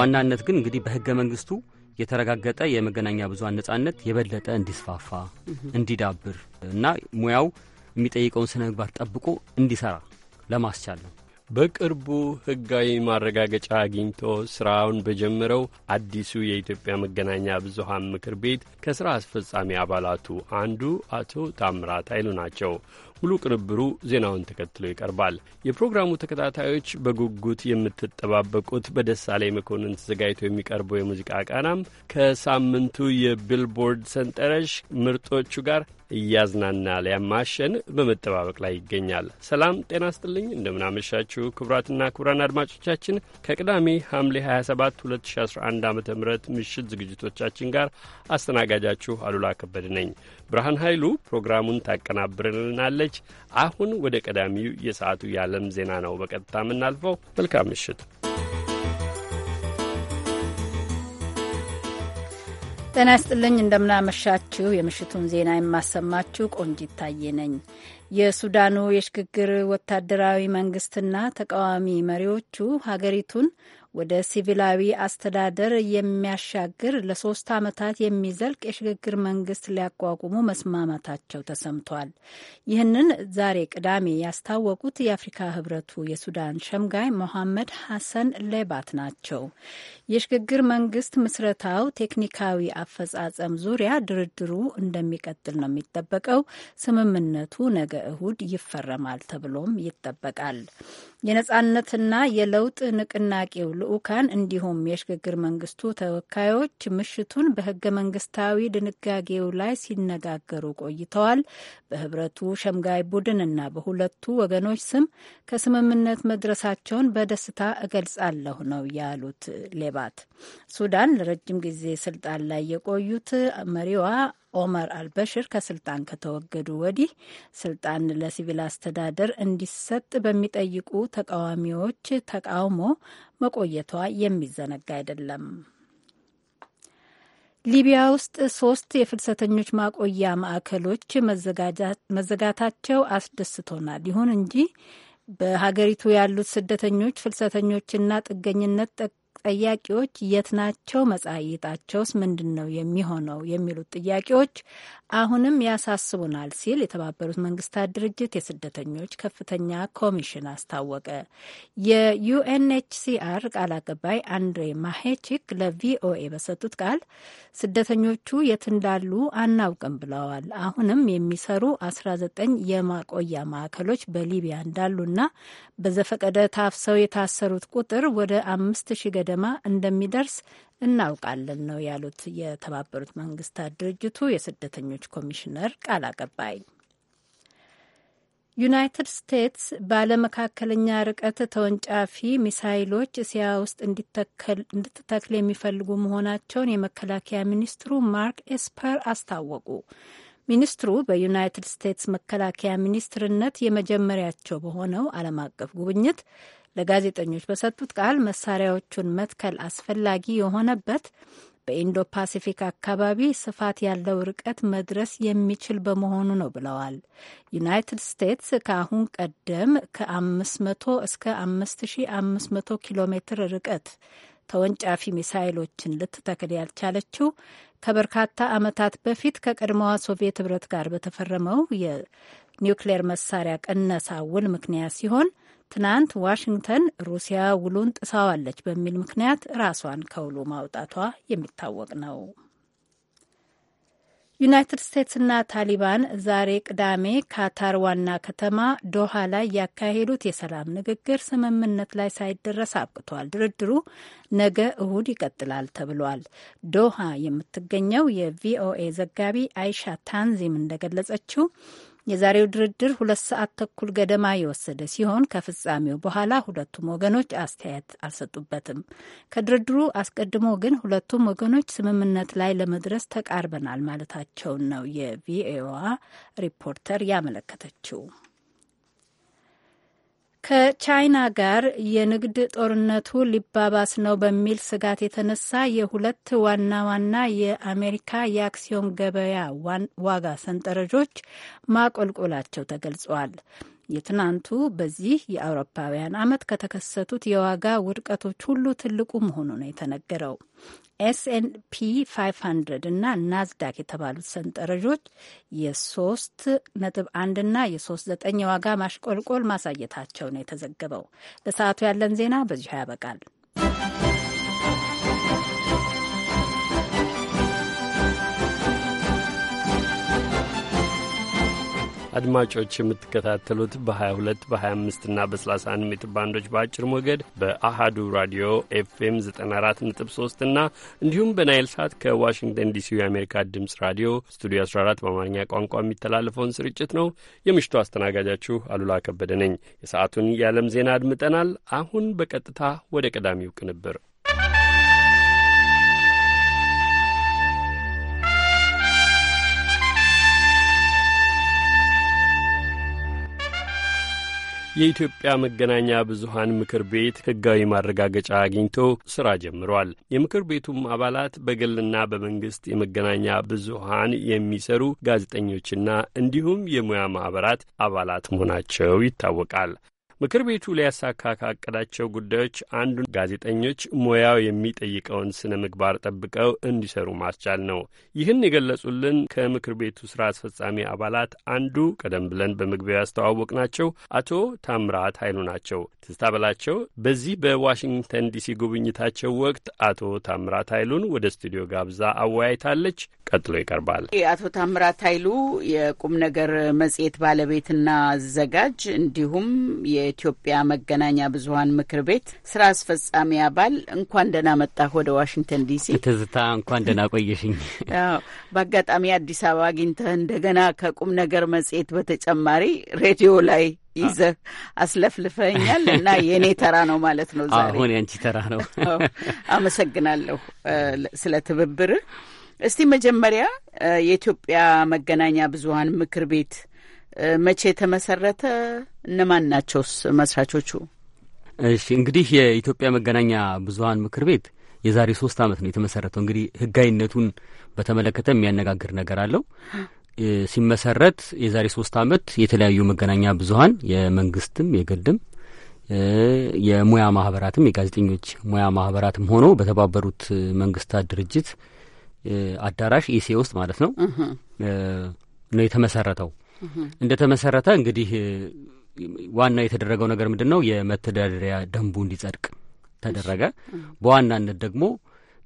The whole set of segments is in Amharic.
በዋናነት ግን እንግዲህ በህገ መንግስቱ የተረጋገጠ የመገናኛ ብዙሀን ነጻነት የበለጠ እንዲስፋፋ እንዲዳብር እና ሙያው የሚጠይቀውን ስነ ምግባር ጠብቆ እንዲሰራ ለማስቻል ነው። በቅርቡ ህጋዊ ማረጋገጫ አግኝቶ ስራውን በጀመረው አዲሱ የኢትዮጵያ መገናኛ ብዙሀን ምክር ቤት ከስራ አስፈጻሚ አባላቱ አንዱ አቶ ታምራት ኃይሉ ናቸው። ሙሉ ቅንብሩ ዜናውን ተከትሎ ይቀርባል። የፕሮግራሙ ተከታታዮች በጉጉት የምትጠባበቁት በደሳለኝ መኮንን ተዘጋጅቶ የሚቀርበው የሙዚቃ ቃናም ከሳምንቱ የቢልቦርድ ሰንጠረዥ ምርጦቹ ጋር እያዝናና ሊያማሸን በመጠባበቅ ላይ ይገኛል። ሰላም ጤና ስጥልኝ፣ እንደምናመሻችሁ ክቡራትና ክቡራን አድማጮቻችን ከቅዳሜ ሐምሌ 27 2011 ዓ ም ምሽት ዝግጅቶቻችን ጋር አስተናጋጃችሁ አሉላ ከበድ ነኝ። ብርሃን ኃይሉ ፕሮግራሙን ታቀናብርልናለች። አዘጋጅ። አሁን ወደ ቀዳሚው የሰዓቱ የዓለም ዜና ነው በቀጥታ የምናልፈው። መልካም ምሽት። ጤና ይስጥልኝ። እንደምናመሻችሁ። የምሽቱን ዜና የማሰማችሁ ቆንጂት ታዬ ነኝ። የሱዳኑ የሽግግር ወታደራዊ መንግስትና ተቃዋሚ መሪዎቹ ሀገሪቱን ወደ ሲቪላዊ አስተዳደር የሚያሻግር ለሶስት ዓመታት የሚዘልቅ የሽግግር መንግስት ሊያቋቁሙ መስማማታቸው ተሰምቷል። ይህንን ዛሬ ቅዳሜ ያስታወቁት የአፍሪካ ህብረቱ የሱዳን ሸምጋይ ሞሐመድ ሐሰን ሌባት ናቸው። የሽግግር መንግስት ምስረታው ቴክኒካዊ አፈጻጸም ዙሪያ ድርድሩ እንደሚቀጥል ነው የሚጠበቀው። ስምምነቱ ነገ እሁድ ይፈረማል ተብሎም ይጠበቃል። የነጻነትና የለውጥ ንቅናቄው ልዑካን እንዲሁም የሽግግር መንግስቱ ተወካዮች ምሽቱን በህገ መንግስታዊ ድንጋጌው ላይ ሲነጋገሩ ቆይተዋል። በህብረቱ ሸምጋይ ቡድን እና በሁለቱ ወገኖች ስም ከስምምነት መድረሳቸውን በደስታ እገልጻለሁ ነው ያሉት ሌባት። ሱዳን ለረጅም ጊዜ ስልጣን ላይ የቆዩት መሪዋ ኦመር አልበሽር ከስልጣን ከተወገዱ ወዲህ ስልጣን ለሲቪል አስተዳደር እንዲሰጥ በሚጠይቁ ተቃዋሚዎች ተቃውሞ መቆየቷ የሚዘነጋ አይደለም። ሊቢያ ውስጥ ሶስት የፍልሰተኞች ማቆያ ማዕከሎች መዘጋታቸው አስደስቶናል። ይሁን እንጂ በሀገሪቱ ያሉት ስደተኞች፣ ፍልሰተኞችና ጥገኝነት ጠያቂዎች የት ናቸው? መጻይጣቸውስ ምንድን ነው የሚሆነው? የሚሉት ጥያቄዎች አሁንም ያሳስቡናል ሲል የተባበሩት መንግስታት ድርጅት የስደተኞች ከፍተኛ ኮሚሽን አስታወቀ። የዩኤንኤችሲአር ቃል አቀባይ አንድሬ ማሄቺክ ለቪኦኤ በሰጡት ቃል ስደተኞቹ የት እንዳሉ አናውቅም ብለዋል። አሁንም የሚሰሩ 19 የማቆያ ማዕከሎች በሊቢያ እንዳሉና በዘፈቀደ ታፍሰው የታሰሩት ቁጥር ወደ አምስት ሺ ገደ ገደማ እንደሚደርስ እናውቃለን ነው ያሉት የተባበሩት መንግስታት ድርጅቱ የስደተኞች ኮሚሽነር ቃል አቀባይ። ዩናይትድ ስቴትስ ባለመካከለኛ ርቀት ተወንጫፊ ሚሳይሎች እስያ ውስጥ እንድትተክል የሚፈልጉ መሆናቸውን የመከላከያ ሚኒስትሩ ማርክ ኤስፐር አስታወቁ። ሚኒስትሩ በዩናይትድ ስቴትስ መከላከያ ሚኒስትርነት የመጀመሪያቸው በሆነው ዓለም አቀፍ ጉብኝት ለጋዜጠኞች በሰጡት ቃል መሳሪያዎቹን መትከል አስፈላጊ የሆነበት በኢንዶ ፓሲፊክ አካባቢ ስፋት ያለው ርቀት መድረስ የሚችል በመሆኑ ነው ብለዋል። ዩናይትድ ስቴትስ ከአሁን ቀደም ከ500 እስከ 5500 ኪሎ ሜትር ርቀት ተወንጫፊ ሚሳይሎችን ልትተክል ያልቻለችው ከበርካታ ዓመታት በፊት ከቀድሞዋ ሶቪየት ህብረት ጋር በተፈረመው የኒውክሌር መሳሪያ ቅነሳ ውል ምክንያት ሲሆን ትናንት ዋሽንግተን ሩሲያ ውሉን ጥሳዋለች በሚል ምክንያት ራሷን ከውሉ ማውጣቷ የሚታወቅ ነው። ዩናይትድ ስቴትስና ታሊባን ዛሬ ቅዳሜ ካታር ዋና ከተማ ዶሃ ላይ ያካሄዱት የሰላም ንግግር ስምምነት ላይ ሳይደረስ አብቅቷል። ድርድሩ ነገ እሁድ ይቀጥላል ተብሏል። ዶሃ የምትገኘው የቪኦኤ ዘጋቢ አይሻ ታንዚም እንደገለጸችው የዛሬው ድርድር ሁለት ሰዓት ተኩል ገደማ የወሰደ ሲሆን ከፍጻሜው በኋላ ሁለቱም ወገኖች አስተያየት አልሰጡበትም። ከድርድሩ አስቀድሞ ግን ሁለቱም ወገኖች ስምምነት ላይ ለመድረስ ተቃርበናል ማለታቸውን ነው የቪኦኤ ሪፖርተር ያመለከተችው። ከቻይና ጋር የንግድ ጦርነቱ ሊባባስ ነው በሚል ስጋት የተነሳ የሁለት ዋና ዋና የአሜሪካ የአክሲዮን ገበያ ዋጋ ሰንጠረዦች ማቆልቆላቸው ተገልጿል። የትናንቱ በዚህ የአውሮፓውያን ዓመት ከተከሰቱት የዋጋ ውድቀቶች ሁሉ ትልቁ መሆኑ ነው የተነገረው። ኤስኤንፒ 500 እና ናዝዳክ የተባሉት ሰንጠረዦች የሶስት ነጥብ የ የሶስት ዘጠኝ የዋጋ ማሽቆልቆል ማሳየታቸው ነው የተዘገበው። ለሰዓቱ ያለን ዜና በዚሁ ያበቃል። አድማጮች የምትከታተሉት በ22 በ25 እና በ31 ሜትር ባንዶች በአጭር ሞገድ በአሃዱ ራዲዮ ኤፍኤም 94.3 እና እንዲሁም በናይል ሳት ከዋሽንግተን ዲሲ የአሜሪካ ድምፅ ራዲዮ ስቱዲዮ 14 በአማርኛ ቋንቋ የሚተላለፈውን ስርጭት ነው። የምሽቱ አስተናጋጃችሁ አሉላ ከበደ ነኝ። የሰዓቱን የዓለም ዜና አድምጠናል። አሁን በቀጥታ ወደ ቀዳሚው ቅንብር የኢትዮጵያ መገናኛ ብዙሃን ምክር ቤት ሕጋዊ ማረጋገጫ አግኝቶ ስራ ጀምሯል። የምክር ቤቱም አባላት በግልና በመንግስት የመገናኛ ብዙሃን የሚሰሩ ጋዜጠኞችና እንዲሁም የሙያ ማህበራት አባላት መሆናቸው ይታወቃል። ምክር ቤቱ ሊያሳካ ካቀዳቸው ጉዳዮች አንዱ ጋዜጠኞች ሙያው የሚጠይቀውን ስነ ምግባር ጠብቀው እንዲሰሩ ማስቻል ነው። ይህን የገለጹልን ከምክር ቤቱ ስራ አስፈጻሚ አባላት አንዱ ቀደም ብለን በመግቢያው ያስተዋወቅ ናቸው አቶ ታምራት ኃይሉ ናቸው። ትዝታ በላቸው በዚህ በዋሽንግተን ዲሲ ጉብኝታቸው ወቅት አቶ ታምራት ኃይሉን ወደ ስቱዲዮ ጋብዛ አወያይታለች። ቀጥሎ ይቀርባል። አቶ ታምራት ኃይሉ የቁም ነገር መጽሔት ባለቤትና አዘጋጅ እንዲሁም የኢትዮጵያ መገናኛ ብዙኃን ምክር ቤት ስራ አስፈጻሚ አባል፣ እንኳን ደህና መጣህ ወደ ዋሽንግተን ዲሲ። ትዝታ እንኳን ደህና ቆየሽኝ። በአጋጣሚ አዲስ አበባ አግኝተህ እንደገና ከቁም ነገር መጽሔት በተጨማሪ ሬዲዮ ላይ ይዘህ አስለፍልፈኛል እና የእኔ ተራ ነው ማለት ነው ዛሬ። አሁን ያንቺ ተራ ነው። አመሰግናለሁ ስለ ትብብርህ። እስቲ መጀመሪያ የኢትዮጵያ መገናኛ ብዙኃን ምክር ቤት መቼ ተመሰረተ? እነማን ናቸውስ መስራቾቹ? እሺ እንግዲህ የኢትዮጵያ መገናኛ ብዙኃን ምክር ቤት የዛሬ ሶስት አመት ነው የተመሰረተው። እንግዲህ ህጋዊነቱን በተመለከተ የሚያነጋግር ነገር አለው። ሲመሰረት የዛሬ ሶስት አመት የተለያዩ መገናኛ ብዙኃን የመንግስትም፣ የግልም የሙያ ማህበራትም የጋዜጠኞች ሙያ ማህበራትም ሆኖ በተባበሩት መንግስታት ድርጅት አዳራሽ ኢሲኤ ውስጥ ማለት ነው ነው የተመሰረተው እንደ ተመሰረተ እንግዲህ ዋናው የተደረገው ነገር ምንድን ነው? የመተዳደሪያ ደንቡ እንዲጸድቅ ተደረገ። በዋናነት ደግሞ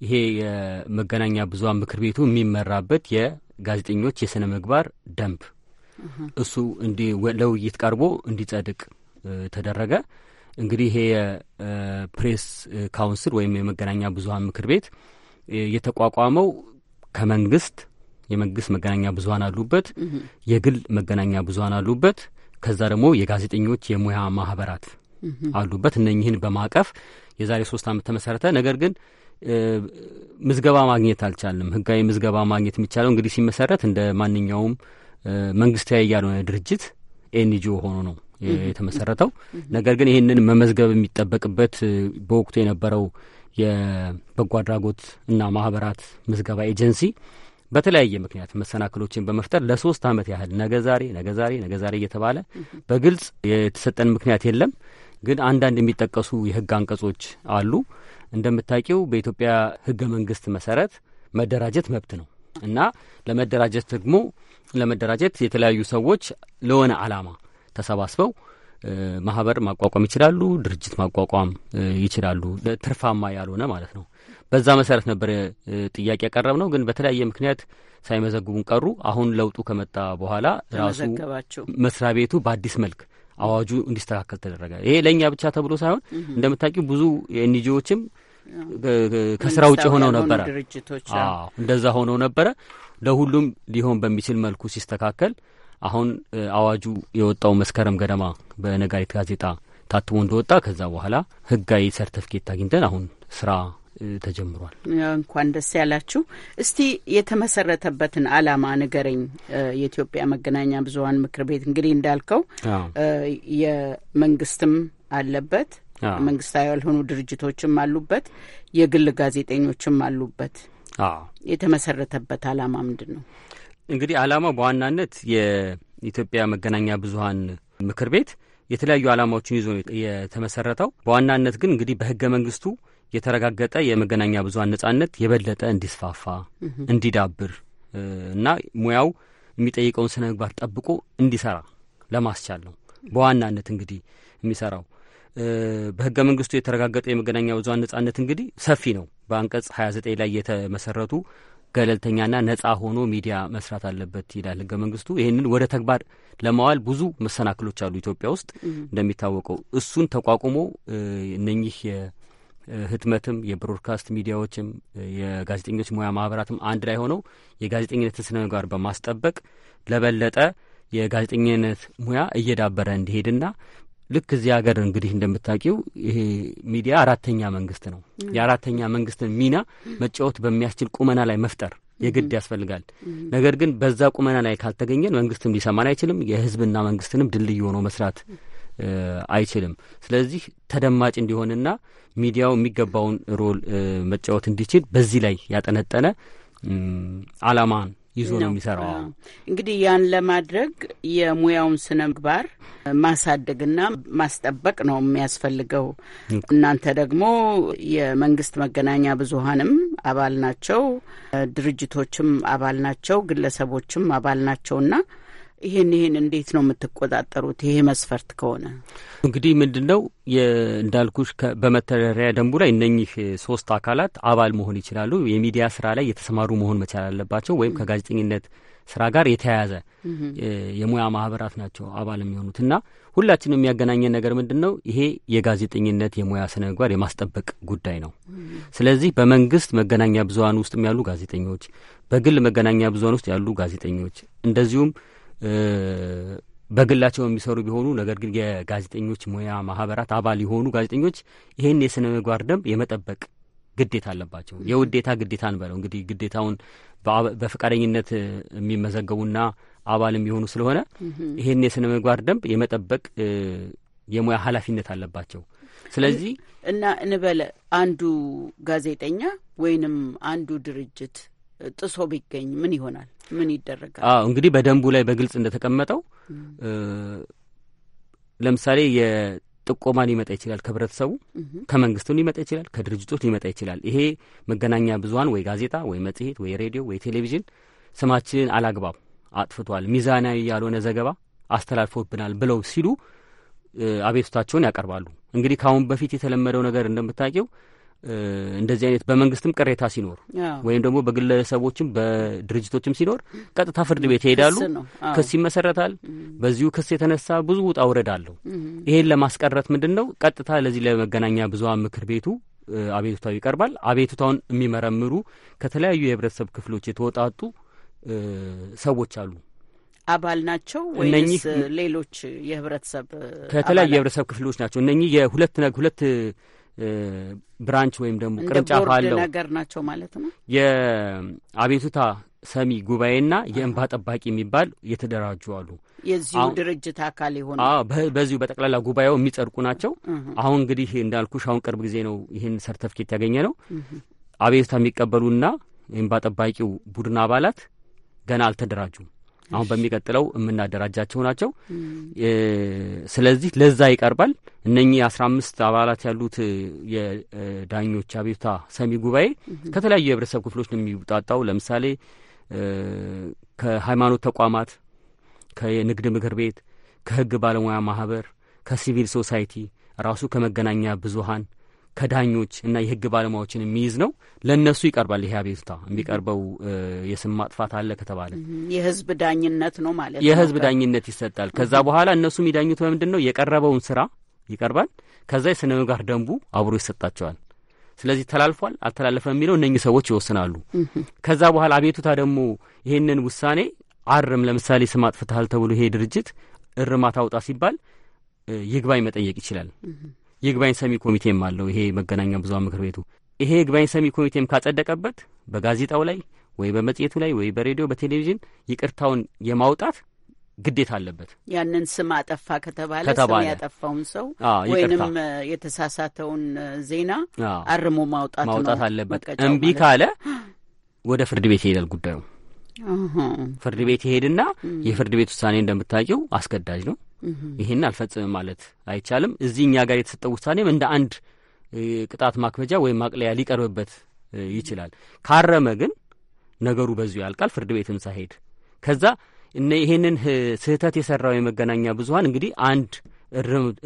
ይሄ የመገናኛ ብዙሃን ምክር ቤቱ የሚመራበት የጋዜጠኞች የስነ ምግባር ደንብ እሱ እንዲ ለውይይት ቀርቦ እንዲጸድቅ ተደረገ። እንግዲህ ይሄ የፕሬስ ካውንስል ወይም የመገናኛ ብዙሃን ምክር ቤት የተቋቋመው ከመንግስት የመንግስት መገናኛ ብዙሀን አሉበት፣ የግል መገናኛ ብዙሀን አሉበት። ከዛ ደግሞ የጋዜጠኞች የሙያ ማህበራት አሉበት። እነኚህን በማቀፍ የዛሬ ሶስት አመት ተመሰረተ። ነገር ግን ምዝገባ ማግኘት አልቻልንም። ህጋዊ ምዝገባ ማግኘት የሚቻለው እንግዲህ ሲመሰረት እንደ ማንኛውም መንግስታዊ ያልሆነ ድርጅት ኤንጂኦ ሆኖ ነው የተመሰረተው። ነገር ግን ይህንን መመዝገብ የሚጠበቅበት በወቅቱ የነበረው የበጎ አድራጎት እና ማህበራት ምዝገባ ኤጀንሲ በተለያየ ምክንያት መሰናክሎችን በመፍጠር ለሶስት ዓመት ያህል ነገ ዛሬ ነገ ዛሬ ነገ ዛሬ እየተባለ በግልጽ የተሰጠን ምክንያት የለም። ግን አንዳንድ የሚጠቀሱ የህግ አንቀጾች አሉ። እንደምታውቂው በኢትዮጵያ ህገ መንግስት መሰረት መደራጀት መብት ነው እና ለመደራጀት ደግሞ ለመደራጀት የተለያዩ ሰዎች ለሆነ አላማ ተሰባስበው ማህበር ማቋቋም ይችላሉ፣ ድርጅት ማቋቋም ይችላሉ፣ ትርፋማ ያልሆነ ማለት ነው። በዛ መሰረት ነበር ጥያቄ ያቀረብ ነው። ግን በተለያየ ምክንያት ሳይመዘግቡን ቀሩ። አሁን ለውጡ ከመጣ በኋላ ራሱ መስሪያ ቤቱ በአዲስ መልክ አዋጁ እንዲስተካከል ተደረገ። ይሄ ለእኛ ብቻ ተብሎ ሳይሆን እንደምታውቂው ብዙ የኤንጂዎችም ከስራ ውጭ ሆነው ነበረ፣ እንደዛ ሆነው ነበረ። ለሁሉም ሊሆን በሚችል መልኩ ሲስተካከል አሁን አዋጁ የወጣው መስከረም ገደማ በነጋሪት ጋዜጣ ታትሞ እንደወጣ ከዛ በኋላ ህጋዊ ሰርተፍኬት አግኝተን አሁን ስራ ተጀምሯል። እንኳን ደስ ያላችሁ። እስቲ የተመሰረተበትን አላማ ንገረኝ። የኢትዮጵያ መገናኛ ብዙኃን ምክር ቤት እንግዲህ እንዳልከው የመንግስትም አለበት፣ መንግስታዊ ያልሆኑ ድርጅቶችም አሉበት፣ የግል ጋዜጠኞችም አሉበት። የተመሰረተበት አላማ ምንድን ነው? እንግዲህ አላማው በዋናነት የኢትዮጵያ መገናኛ ብዙኃን ምክር ቤት የተለያዩ አላማዎችን ይዞ የተመሰረተው በዋናነት ግን እንግዲህ በህገ መንግስቱ የተረጋገጠ የመገናኛ ብዙሀን ነጻነት የበለጠ እንዲስፋፋ እንዲዳብር እና ሙያው የሚጠይቀውን ስነ ምግባር ጠብቆ እንዲሰራ ለማስቻል ነው በዋናነት እንግዲህ የሚሰራው። በህገ መንግስቱ የተረጋገጠው የመገናኛ ብዙሀን ነጻነት እንግዲህ ሰፊ ነው። በአንቀጽ ዘጠኝ ላይ የተመሰረቱ ገለልተኛና ነጻ ሆኖ ሚዲያ መስራት አለበት ይላል ህገ መንግስቱ። ይህንን ወደ ተግባር ለማዋል ብዙ መሰናክሎች አሉ ኢትዮጵያ ውስጥ እንደሚታወቀው። እሱን ተቋቁሞ እነኚህ ህትመትም የብሮድካስት ሚዲያዎችም የጋዜጠኞች ሙያ ማህበራትም አንድ ላይ ሆነው የጋዜጠኝነት ስነ ምግባር በማስጠበቅ ለበለጠ የጋዜጠኝነት ሙያ እየዳበረ እንዲሄድና ልክ እዚህ ሀገር እንግዲህ እንደምታውቂው ይሄ ሚዲያ አራተኛ መንግስት ነው። የአራተኛ መንግስትን ሚና መጫወት በሚያስችል ቁመና ላይ መፍጠር የግድ ያስፈልጋል። ነገር ግን በዛ ቁመና ላይ ካልተገኘን መንግስትም ሊሰማን አይችልም። የህዝብና መንግስትንም ድልድይ ሆኖ መስራት አይችልም። ስለዚህ ተደማጭ እንዲሆንና ሚዲያው የሚገባውን ሮል መጫወት እንዲችል በዚህ ላይ ያጠነጠነ አላማን ይዞ ነው የሚሰራው። እንግዲህ ያን ለማድረግ የሙያውን ስነ ምግባር ማሳደግና ማስጠበቅ ነው የሚያስፈልገው። እናንተ ደግሞ የመንግስት መገናኛ ብዙሀንም አባል ናቸው፣ ድርጅቶችም አባል ናቸው፣ ግለሰቦችም አባል ናቸውና ይሄን ይሄን እንዴት ነው የምትቆጣጠሩት? ይሄ መስፈርት ከሆነ እንግዲህ ምንድን ነው እንዳልኩሽ በመተዳደሪያ ደንቡ ላይ እነኚህ ሶስት አካላት አባል መሆን ይችላሉ። የሚዲያ ስራ ላይ የተሰማሩ መሆን መቻል አለባቸው ወይም ከጋዜጠኝነት ስራ ጋር የተያያዘ የሙያ ማህበራት ናቸው አባል የሚሆኑት እና ሁላችንም የሚያገናኘን ነገር ምንድን ነው? ይሄ የጋዜጠኝነት የሙያ ስነ ምግባር የማስጠበቅ ጉዳይ ነው። ስለዚህ በመንግስት መገናኛ ብዙሀን ውስጥ ያሉ ጋዜጠኞች፣ በግል መገናኛ ብዙሀን ውስጥ ያሉ ጋዜጠኞች እንደዚሁም በግላቸው የሚሰሩ ቢሆኑ ነገር ግን የጋዜጠኞች ሙያ ማህበራት አባል የሆኑ ጋዜጠኞች ይህን የስነ ምግባር ደንብ የመጠበቅ ግዴታ አለባቸው። የውዴታ ግዴታ እንበለው እንግዲህ ግዴታውን በፈቃደኝነት የሚመዘገቡና አባል የሚሆኑ ስለሆነ ይህን የስነ ምግባር ደንብ የመጠበቅ የሙያ ኃላፊነት አለባቸው። ስለዚህ እና እንበለ አንዱ ጋዜጠኛ ወይንም አንዱ ድርጅት ጥሶ ቢገኝ ምን ይሆናል? ምን ይደረጋል? አዎ እንግዲህ በደንቡ ላይ በግልጽ እንደተቀመጠው ለምሳሌ የጥቆማ ሊመጣ ይችላል። ከህብረተሰቡ ከመንግስቱ ሊመጣ ይችላል። ከድርጅቶች ሊመጣ ይችላል። ይሄ መገናኛ ብዙሀን ወይ ጋዜጣ ወይ መጽሔት ወይ ሬዲዮ ወይ ቴሌቪዥን ስማችንን አላግባብ አጥፍቷል፣ ሚዛናዊ ያልሆነ ዘገባ አስተላልፎብናል ብለው ሲሉ አቤቱታቸውን ያቀርባሉ። እንግዲህ ከአሁን በፊት የተለመደው ነገር እንደምታውቂው እንደዚህ አይነት በመንግስትም ቅሬታ ሲኖር ወይም ደግሞ በግለሰቦችም በድርጅቶችም ሲኖር ቀጥታ ፍርድ ቤት ይሄዳሉ፣ ክስ ይመሰረታል። በዚሁ ክስ የተነሳ ብዙ ውጣ ውረድ አለው። ይሄን ለማስቀረት ምንድን ነው ቀጥታ ለዚህ ለመገናኛ ብዙሃን ምክር ቤቱ አቤቱታው ይቀርባል። አቤቱታውን የሚመረምሩ ከተለያዩ የህብረተሰብ ክፍሎች የተወጣጡ ሰዎች አሉ። አባል ናቸው ወይስ ሌሎች የህብረተሰብ ከተለያዩ የህብረተሰብ ክፍሎች ናቸው? እነኚህ የሁለት ሁለት ብራንች ወይም ደግሞ ቅርንጫፍ አለው ነገር ናቸው ማለት ነው። የአቤቱታ ሰሚ ጉባኤና የእንባ ጠባቂ የሚባል የተደራጁ አሉ። የዚሁ ድርጅት አካል የሆኑ በዚሁ በጠቅላላ ጉባኤው የሚጸድቁ ናቸው። አሁን እንግዲህ እንዳልኩሽ አሁን ቅርብ ጊዜ ነው ይህን ሰርተፍኬት ያገኘ ነው። አቤቱታ የሚቀበሉና የእንባ ጠባቂው ቡድን አባላት ገና አልተደራጁም። አሁን በሚቀጥለው የምናደራጃቸው ናቸው። ስለዚህ ለዛ ይቀርባል። እነኚህ አስራ አምስት አባላት ያሉት የዳኞች አቤቱታ ሰሚ ጉባኤ ከተለያዩ የህብረተሰብ ክፍሎች ነው የሚውጣጣው። ለምሳሌ ከሃይማኖት ተቋማት፣ ከንግድ ምክር ቤት፣ ከህግ ባለሙያ ማህበር፣ ከሲቪል ሶሳይቲ ራሱ ከመገናኛ ብዙሀን ከዳኞች እና የህግ ባለሙያዎችን የሚይዝ ነው። ለእነሱ ይቀርባል። ይሄ አቤቱታ የሚቀርበው የስም ማጥፋት አለ ከተባለ የህዝብ ዳኝነት ነው ማለት ነው። የህዝብ ዳኝነት ይሰጣል። ከዛ በኋላ እነሱ የሚዳኙት በምንድን ነው? የቀረበውን ስራ ይቀርባል። ከዛ የስነ ምግባር ደንቡ አብሮ ይሰጣቸዋል። ስለዚህ ተላልፏል አልተላለፈ የሚለው እነኚህ ሰዎች ይወስናሉ። ከዛ በኋላ አቤቱታ ደግሞ ይህንን ውሳኔ አርም፣ ለምሳሌ ስም አጥፍተሃል ተብሎ ይሄ ድርጅት እርማት አውጣ ሲባል ይግባኝ መጠየቅ ይችላል። ይግባኝ ሰሚ ኮሚቴም አለው። ይሄ መገናኛ ብዙሃን ምክር ቤቱ ይሄ ይግባኝ ሰሚ ኮሚቴም ካጸደቀበት በጋዜጣው ላይ ወይ በመጽሔቱ ላይ ወይ በሬዲዮ በቴሌቪዥን ይቅርታውን የማውጣት ግዴታ አለበት። ያንን ስም አጠፋ ከተባለ ስም ያጠፋውን ሰው ወይንም የተሳሳተውን ዜና አርሞ ማውጣት ማውጣት አለበት። እምቢ ካለ ወደ ፍርድ ቤት ይሄዳል ጉዳዩ ፍርድ ቤት ይሄድና የፍርድ ቤት ውሳኔ እንደምታውቂው አስገዳጅ ነው። ይህን አልፈጽምም ማለት አይቻልም። እዚህ እኛ ጋር የተሰጠው ውሳኔም እንደ አንድ ቅጣት ማክበጃ ወይም ማቅለያ ሊቀርብበት ይችላል። ካረመ ግን ነገሩ በዚሁ ያልቃል፣ ፍርድ ቤትም ሳይሄድ ከዛ እነ ይሄንን ስህተት የሰራው የመገናኛ ብዙኃን እንግዲህ አንድ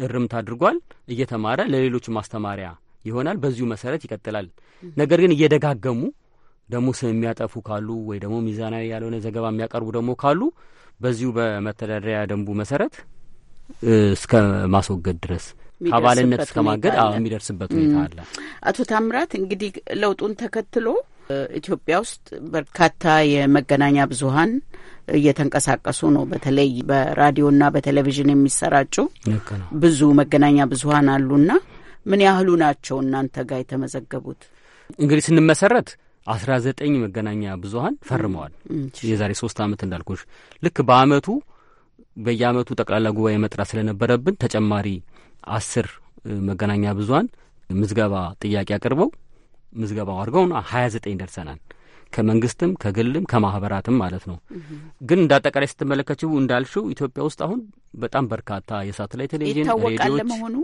እርምት አድርጓል፣ እየተማረ ለሌሎች ማስተማሪያ ይሆናል። በዚሁ መሰረት ይቀጥላል። ነገር ግን እየደጋገሙ ደግሞ ስም የሚያጠፉ ካሉ ወይ ደግሞ ሚዛናዊ ያልሆነ ዘገባ የሚያቀርቡ ደግሞ ካሉ በዚሁ በመተዳደሪያ ደንቡ መሰረት እስከ ማስወገድ ድረስ ከአባልነት እስከ ማገድ የሚደርስበት ሁኔታ አለ። አቶ ታምራት እንግዲህ ለውጡን ተከትሎ ኢትዮጵያ ውስጥ በርካታ የመገናኛ ብዙኃን እየተንቀሳቀሱ ነው። በተለይ በራዲዮና በቴሌቪዥን የሚሰራጩ ብዙ መገናኛ ብዙኃን አሉና ምን ያህሉ ናቸው እናንተ ጋር የተመዘገቡት? እንግዲህ ስንመሰረት አስራ ዘጠኝ መገናኛ ብዙኃን ፈርመዋል። የዛሬ ሶስት አመት እንዳልኩሽ ልክ በአመቱ በየአመቱ ጠቅላላ ጉባኤ መጥራት ስለነበረብን ተጨማሪ አስር መገናኛ ብዙሀን ምዝገባ ጥያቄ አቅርበው ምዝገባው አድርገውና ሀያ ዘጠኝ ደርሰናል። ከመንግስትም ከግልም ከማህበራትም ማለት ነው። ግን እንደ አጠቃላይ ስትመለከችው እንዳልሽው ኢትዮጵያ ውስጥ አሁን በጣም በርካታ የሳተላይት ቴሌቪዥን ይታወቃል። መሆኑ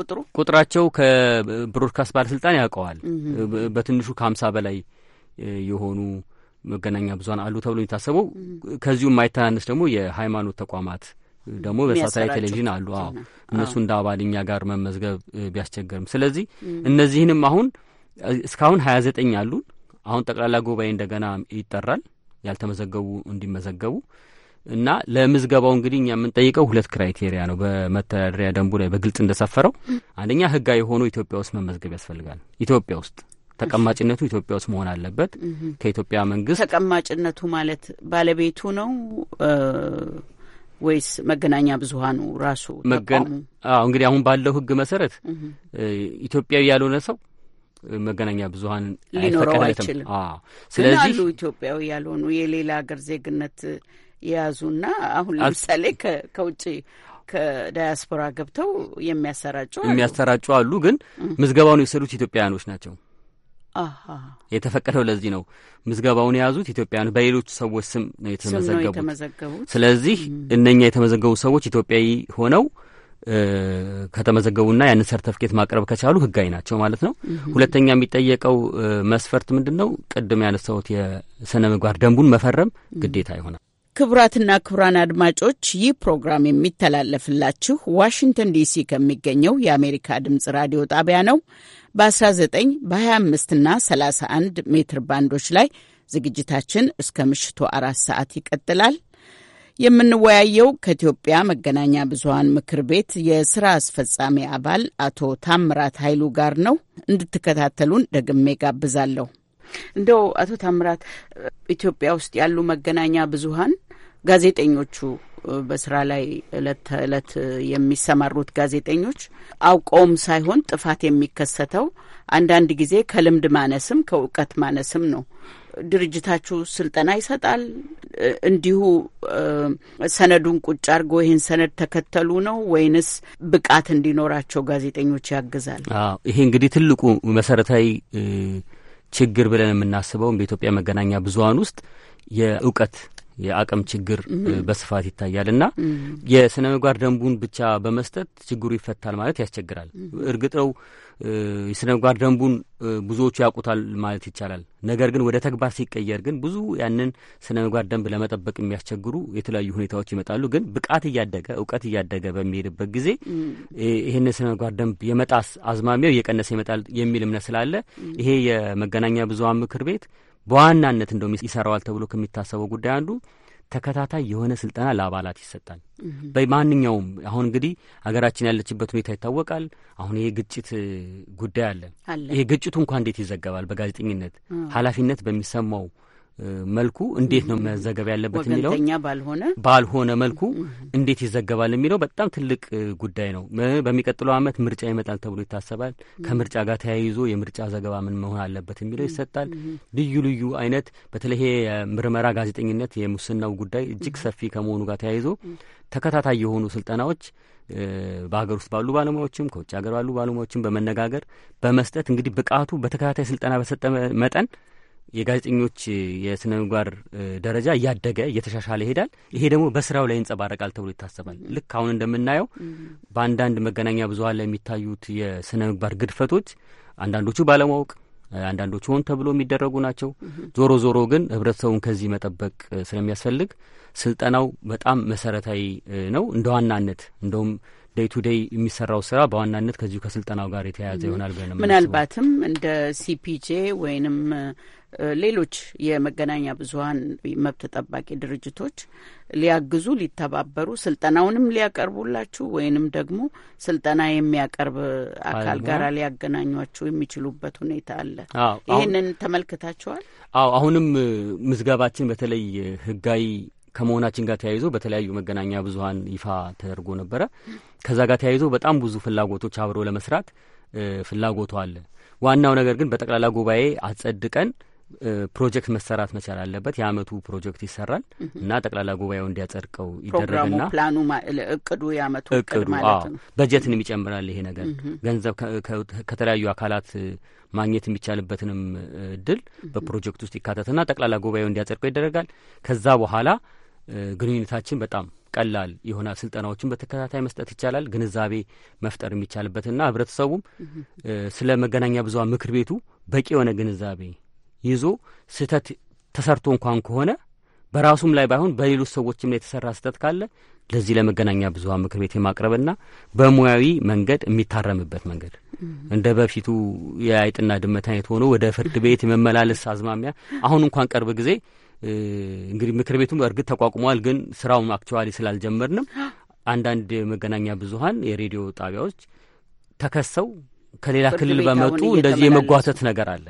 ቁጥሩ ቁጥራቸው ከብሮድካስት ባለስልጣን ያውቀዋል። በትንሹ ከሀምሳ በላይ የሆኑ መገናኛ ብዙሀን አሉ ተብሎ የሚታሰበው ከዚሁ የማይተናነስ ደግሞ የሃይማኖት ተቋማት ደግሞ በሳተላይት ቴሌቪዥን አሉ። አዎ እነሱ እንደ አባል እኛ ጋር መመዝገብ ቢያስቸግርም፣ ስለዚህ እነዚህንም አሁን እስካሁን ሀያ ዘጠኝ አሉ አሁን ጠቅላላ ጉባኤ እንደገና ይጠራል ያልተመዘገቡ እንዲመዘገቡ እና ለምዝገባው እንግዲህ እኛ የምንጠይቀው ሁለት ክራይቴሪያ ነው። በመተዳደሪያ ደንቡ ላይ በግልጽ እንደሰፈረው አንደኛ ህጋዊ የሆኑ ኢትዮጵያ ውስጥ መመዝገብ ያስፈልጋል። ኢትዮጵያ ውስጥ ተቀማጭነቱ ኢትዮጵያ ውስጥ መሆን አለበት። ከኢትዮጵያ መንግስት ተቀማጭነቱ ማለት ባለቤቱ ነው ወይስ መገናኛ ብዙሀኑ ራሱ? አዎ እንግዲህ አሁን ባለው ህግ መሰረት ኢትዮጵያዊ ያልሆነ ሰው መገናኛ ብዙሀን ሊኖረው አይችልም። ስለዚህ ኢትዮጵያዊ ያልሆኑ የሌላ ሀገር ዜግነት የያዙና አሁን ለምሳሌ ከውጭ ከዳያስፖራ ገብተው የሚያሰራጩ የሚያሰራጩ አሉ። ግን ምዝገባውን የወሰዱት ኢትዮጵያውያኖች ናቸው። የተፈቀደው ለዚህ ነው። ምዝገባውን የያዙት ኢትዮጵያን በሌሎች ሰዎች ስም ነው የተመዘገቡት። ስለዚህ እነኛ የተመዘገቡ ሰዎች ኢትዮጵያዊ ሆነው ከተመዘገቡና ያንን ሰርተፍኬት ማቅረብ ከቻሉ ህጋዊ ናቸው ማለት ነው። ሁለተኛ የሚጠየቀው መስፈርት ምንድን ነው? ቅድም ያነሳሁት የስነ ምግባር ደንቡን መፈረም ግዴታ ይሆናል። ክቡራትና ክቡራን አድማጮች ይህ ፕሮግራም የሚተላለፍላችሁ ዋሽንግተን ዲሲ ከሚገኘው የአሜሪካ ድምጽ ራዲዮ ጣቢያ ነው። በ19 በ25 እና 31 ሜትር ባንዶች ላይ ዝግጅታችን እስከ ምሽቱ አራት ሰዓት ይቀጥላል። የምንወያየው ከኢትዮጵያ መገናኛ ብዙኃን ምክር ቤት የስራ አስፈጻሚ አባል አቶ ታምራት ኃይሉ ጋር ነው። እንድትከታተሉን ደግሜ ጋብዛለሁ። እንደው አቶ ታምራት ኢትዮጵያ ውስጥ ያሉ መገናኛ ብዙኃን ጋዜጠኞቹ በስራ ላይ እለት ተእለት የሚሰማሩት ጋዜጠኞች አውቀውም ሳይሆን ጥፋት የሚከሰተው አንዳንድ ጊዜ ከልምድ ማነስም ከእውቀት ማነስም ነው። ድርጅታችሁ ስልጠና ይሰጣል? እንዲሁ ሰነዱን ቁጭ አድርጎ ይህን ሰነድ ተከተሉ ነው ወይንስ ብቃት እንዲኖራቸው ጋዜጠኞች ያግዛል? ይሄ እንግዲህ ትልቁ መሰረታዊ ችግር ብለን የምናስበውም በኢትዮጵያ መገናኛ ብዙሀን ውስጥ የእውቀት የአቅም ችግር በስፋት ይታያል እና የስነ ምግባር ደንቡን ብቻ በመስጠት ችግሩ ይፈታል ማለት ያስቸግራል። እርግጠው የስነ ምግባር ደንቡን ብዙዎቹ ያውቁታል ማለት ይቻላል። ነገር ግን ወደ ተግባር ሲቀየር ግን ብዙ ያንን ስነ ምግባር ደንብ ለመጠበቅ የሚያስቸግሩ የተለያዩ ሁኔታዎች ይመጣሉ። ግን ብቃት እያደገ እውቀት እያደገ በሚሄድበት ጊዜ ይህን ስነ ምግባር ደንብ የመጣስ አዝማሚያው እየቀነሰ ይመጣል የሚል እምነት ስላለ ይሄ የመገናኛ ብዙሃን ምክር ቤት በዋናነት እንደውም ይሰራዋል ተብሎ ከሚታሰበው ጉዳይ አንዱ ተከታታይ የሆነ ስልጠና ለአባላት ይሰጣል። በማንኛውም አሁን እንግዲህ ሀገራችን ያለችበት ሁኔታ ይታወቃል። አሁን ይሄ ግጭት ጉዳይ አለ። ይሄ ግጭቱ እንኳ እንዴት ይዘገባል? በጋዜጠኝነት ኃላፊነት በሚሰማው መልኩ እንዴት ነው መዘገብ ያለበት የሚለው ባልሆነ ባልሆነ መልኩ እንዴት ይዘገባል የሚለው በጣም ትልቅ ጉዳይ ነው። በሚቀጥለው ዓመት ምርጫ ይመጣል ተብሎ ይታሰባል። ከምርጫ ጋር ተያይዞ የምርጫ ዘገባ ምን መሆን አለበት የሚለው ይሰጣል። ልዩ ልዩ አይነት በተለይ የምርመራ ጋዜጠኝነት የሙስናው ጉዳይ እጅግ ሰፊ ከመሆኑ ጋር ተያይዞ ተከታታይ የሆኑ ስልጠናዎች በሀገር ውስጥ ባሉ ባለሙያዎችም ከውጭ ሀገር ባሉ ባለሙያዎችም በመነጋገር በመስጠት እንግዲህ ብቃቱ በተከታታይ ስልጠና በሰጠ መጠን የጋዜጠኞች የስነ ምግባር ደረጃ እያደገ እየተሻሻለ ይሄዳል። ይሄ ደግሞ በስራው ላይ ይንጸባረቃል ተብሎ ይታሰባል። ልክ አሁን እንደምናየው በአንዳንድ መገናኛ ብዙኃን ላይ የሚታዩት የስነ ምግባር ግድፈቶች አንዳንዶቹ ባለማወቅ አንዳንዶቹ ሆን ተብሎ የሚደረጉ ናቸው። ዞሮ ዞሮ ግን ህብረተሰቡን ከዚህ መጠበቅ ስለሚያስፈልግ ስልጠናው በጣም መሰረታዊ ነው እንደ ዋናነት እንደውም ዴይ ቱ ዴይ የሚሰራው ስራ በዋናነት ከዚሁ ከስልጠናው ጋር የተያያዘ ይሆናል ብለን ምናልባትም እንደ ሲፒጄ ወይንም ሌሎች የመገናኛ ብዙኃን መብት ጠባቂ ድርጅቶች ሊያግዙ ሊተባበሩ ስልጠናውንም ሊያቀርቡላችሁ ወይንም ደግሞ ስልጠና የሚያቀርብ አካል ጋር ሊያገናኟችሁ የሚችሉበት ሁኔታ አለ። ይህንን ተመልክታችኋል? አዎ፣ አሁንም ምዝገባችን በተለይ ህጋዊ ከመሆናችን ጋር ተያይዞ በተለያዩ መገናኛ ብዙኃን ይፋ ተደርጎ ነበረ። ከዛ ጋር ተያይዞ በጣም ብዙ ፍላጎቶች አብሮ ለመስራት ፍላጎቱ አለ። ዋናው ነገር ግን በጠቅላላ ጉባኤ አጸድቀን ፕሮጀክት መሰራት መቻል አለበት። የአመቱ ፕሮጀክት ይሰራል እና ጠቅላላ ጉባኤው እንዲያጸድቀው ይደረግና ፕላኑ እቅዱ የአመቱ በጀትንም ይጨምራል። ይሄ ነገር ገንዘብ ከተለያዩ አካላት ማግኘት የሚቻልበትንም እድል በፕሮጀክት ውስጥ ይካተትና ጠቅላላ ጉባኤው እንዲያጸድቀው ይደረጋል። ከዛ በኋላ ግንኙነታችን በጣም ቀላል ይሆናል። ስልጠናዎችን በተከታታይ መስጠት ይቻላል። ግንዛቤ መፍጠር የሚቻልበትና ህብረተሰቡም ስለ መገናኛ ብዙኃን ምክር ቤቱ በቂ የሆነ ግንዛቤ ይዞ ስህተት ተሰርቶ እንኳን ከሆነ በራሱም ላይ ባይሆን በሌሎች ሰዎችም ላይ የተሰራ ስህተት ካለ ለዚህ ለመገናኛ ብዙኃን ምክር ቤት የማቅረብና በሙያዊ መንገድ የሚታረምበት መንገድ እንደ በፊቱ የአይጥና ድመት አይነት ሆኖ ወደ ፍርድ ቤት የመመላለስ አዝማሚያ አሁን እንኳን ቅርብ ጊዜ እንግዲህ ምክር ቤቱም እርግጥ ተቋቁሟል፣ ግን ስራውን አክቸዋሊ ስላልጀመርንም አንዳንድ መገናኛ ብዙኃን የሬዲዮ ጣቢያዎች ተከሰው ከሌላ ክልል በመጡ እንደዚህ የመጓተት ነገር አለ።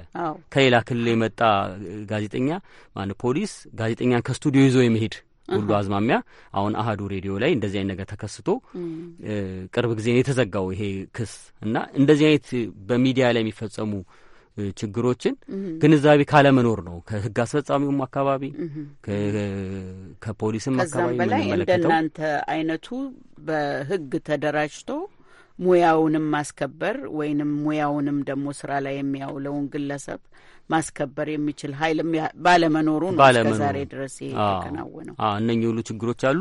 ከሌላ ክልል የመጣ ጋዜጠኛ ማን ፖሊስ ጋዜጠኛን ከስቱዲዮ ይዞ የመሄድ ሁሉ አዝማሚያ አሁን አህዱ ሬዲዮ ላይ እንደዚህ አይነት ነገር ተከስቶ ቅርብ ጊዜ የተዘጋው ይሄ ክስ እና እንደዚህ አይነት በሚዲያ ላይ የሚፈጸሙ ችግሮችን ግንዛቤ ካለመኖር ነው። ከህግ አስፈጻሚውም አካባቢ ከፖሊስም አካባቢ በላይ እንደናንተ አይነቱ በህግ ተደራጅቶ ሙያውንም ማስከበር ወይንም ሙያውንም ደግሞ ስራ ላይ የሚያውለውን ግለሰብ ማስከበር የሚችል ኃይልም ባለመኖሩ ነው እስከዛሬ ድረስ ይሄ የተከናወነው። እነኚህ ሁሉ ችግሮች አሉ።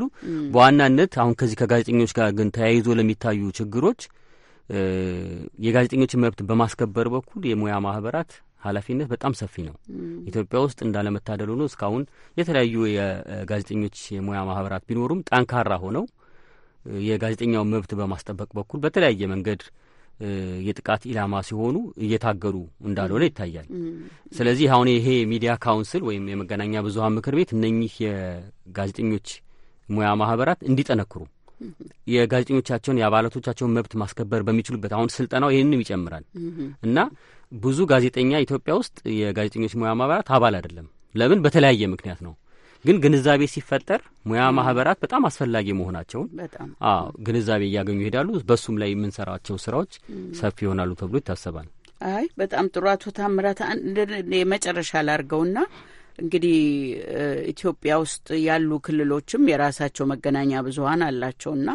በዋናነት አሁን ከዚህ ከጋዜጠኞች ጋር ግን ተያይዞ ለሚታዩ ችግሮች የጋዜጠኞችን መብት በማስከበር በኩል የሙያ ማህበራት ኃላፊነት በጣም ሰፊ ነው። ኢትዮጵያ ውስጥ እንዳለመታደሉ ነው። እስካሁን የተለያዩ የጋዜጠኞች የሙያ ማህበራት ቢኖሩም ጠንካራ ሆነው የጋዜጠኛውን መብት በማስጠበቅ በኩል በተለያየ መንገድ የጥቃት ኢላማ ሲሆኑ እየታገሉ እንዳልሆነ ይታያል። ስለዚህ አሁን ይሄ ሚዲያ ካውንስል ወይም የመገናኛ ብዙኃን ምክር ቤት እነኚህ የጋዜጠኞች ሙያ ማህበራት እንዲጠነክሩ የጋዜጠኞቻቸውን የአባላቶቻቸውን መብት ማስከበር በሚችሉበት አሁን ስልጠናው ይህንም ይጨምራል እና ብዙ ጋዜጠኛ ኢትዮጵያ ውስጥ የጋዜጠኞች ሙያ ማህበራት አባል አይደለም። ለምን? በተለያየ ምክንያት ነው። ግን ግንዛቤ ሲፈጠር ሙያ ማህበራት በጣም አስፈላጊ መሆናቸውን አዎ ግንዛቤ እያገኙ ይሄዳሉ። በሱም ላይ የምንሰራቸው ስራዎች ሰፊ ይሆናሉ ተብሎ ይታሰባል። አይ በጣም ጥሩ አቶ ታምራት፣ አንድ የመጨረሻ ላርገውና እንግዲህ ኢትዮጵያ ውስጥ ያሉ ክልሎችም የራሳቸው መገናኛ ብዙኃን አላቸውና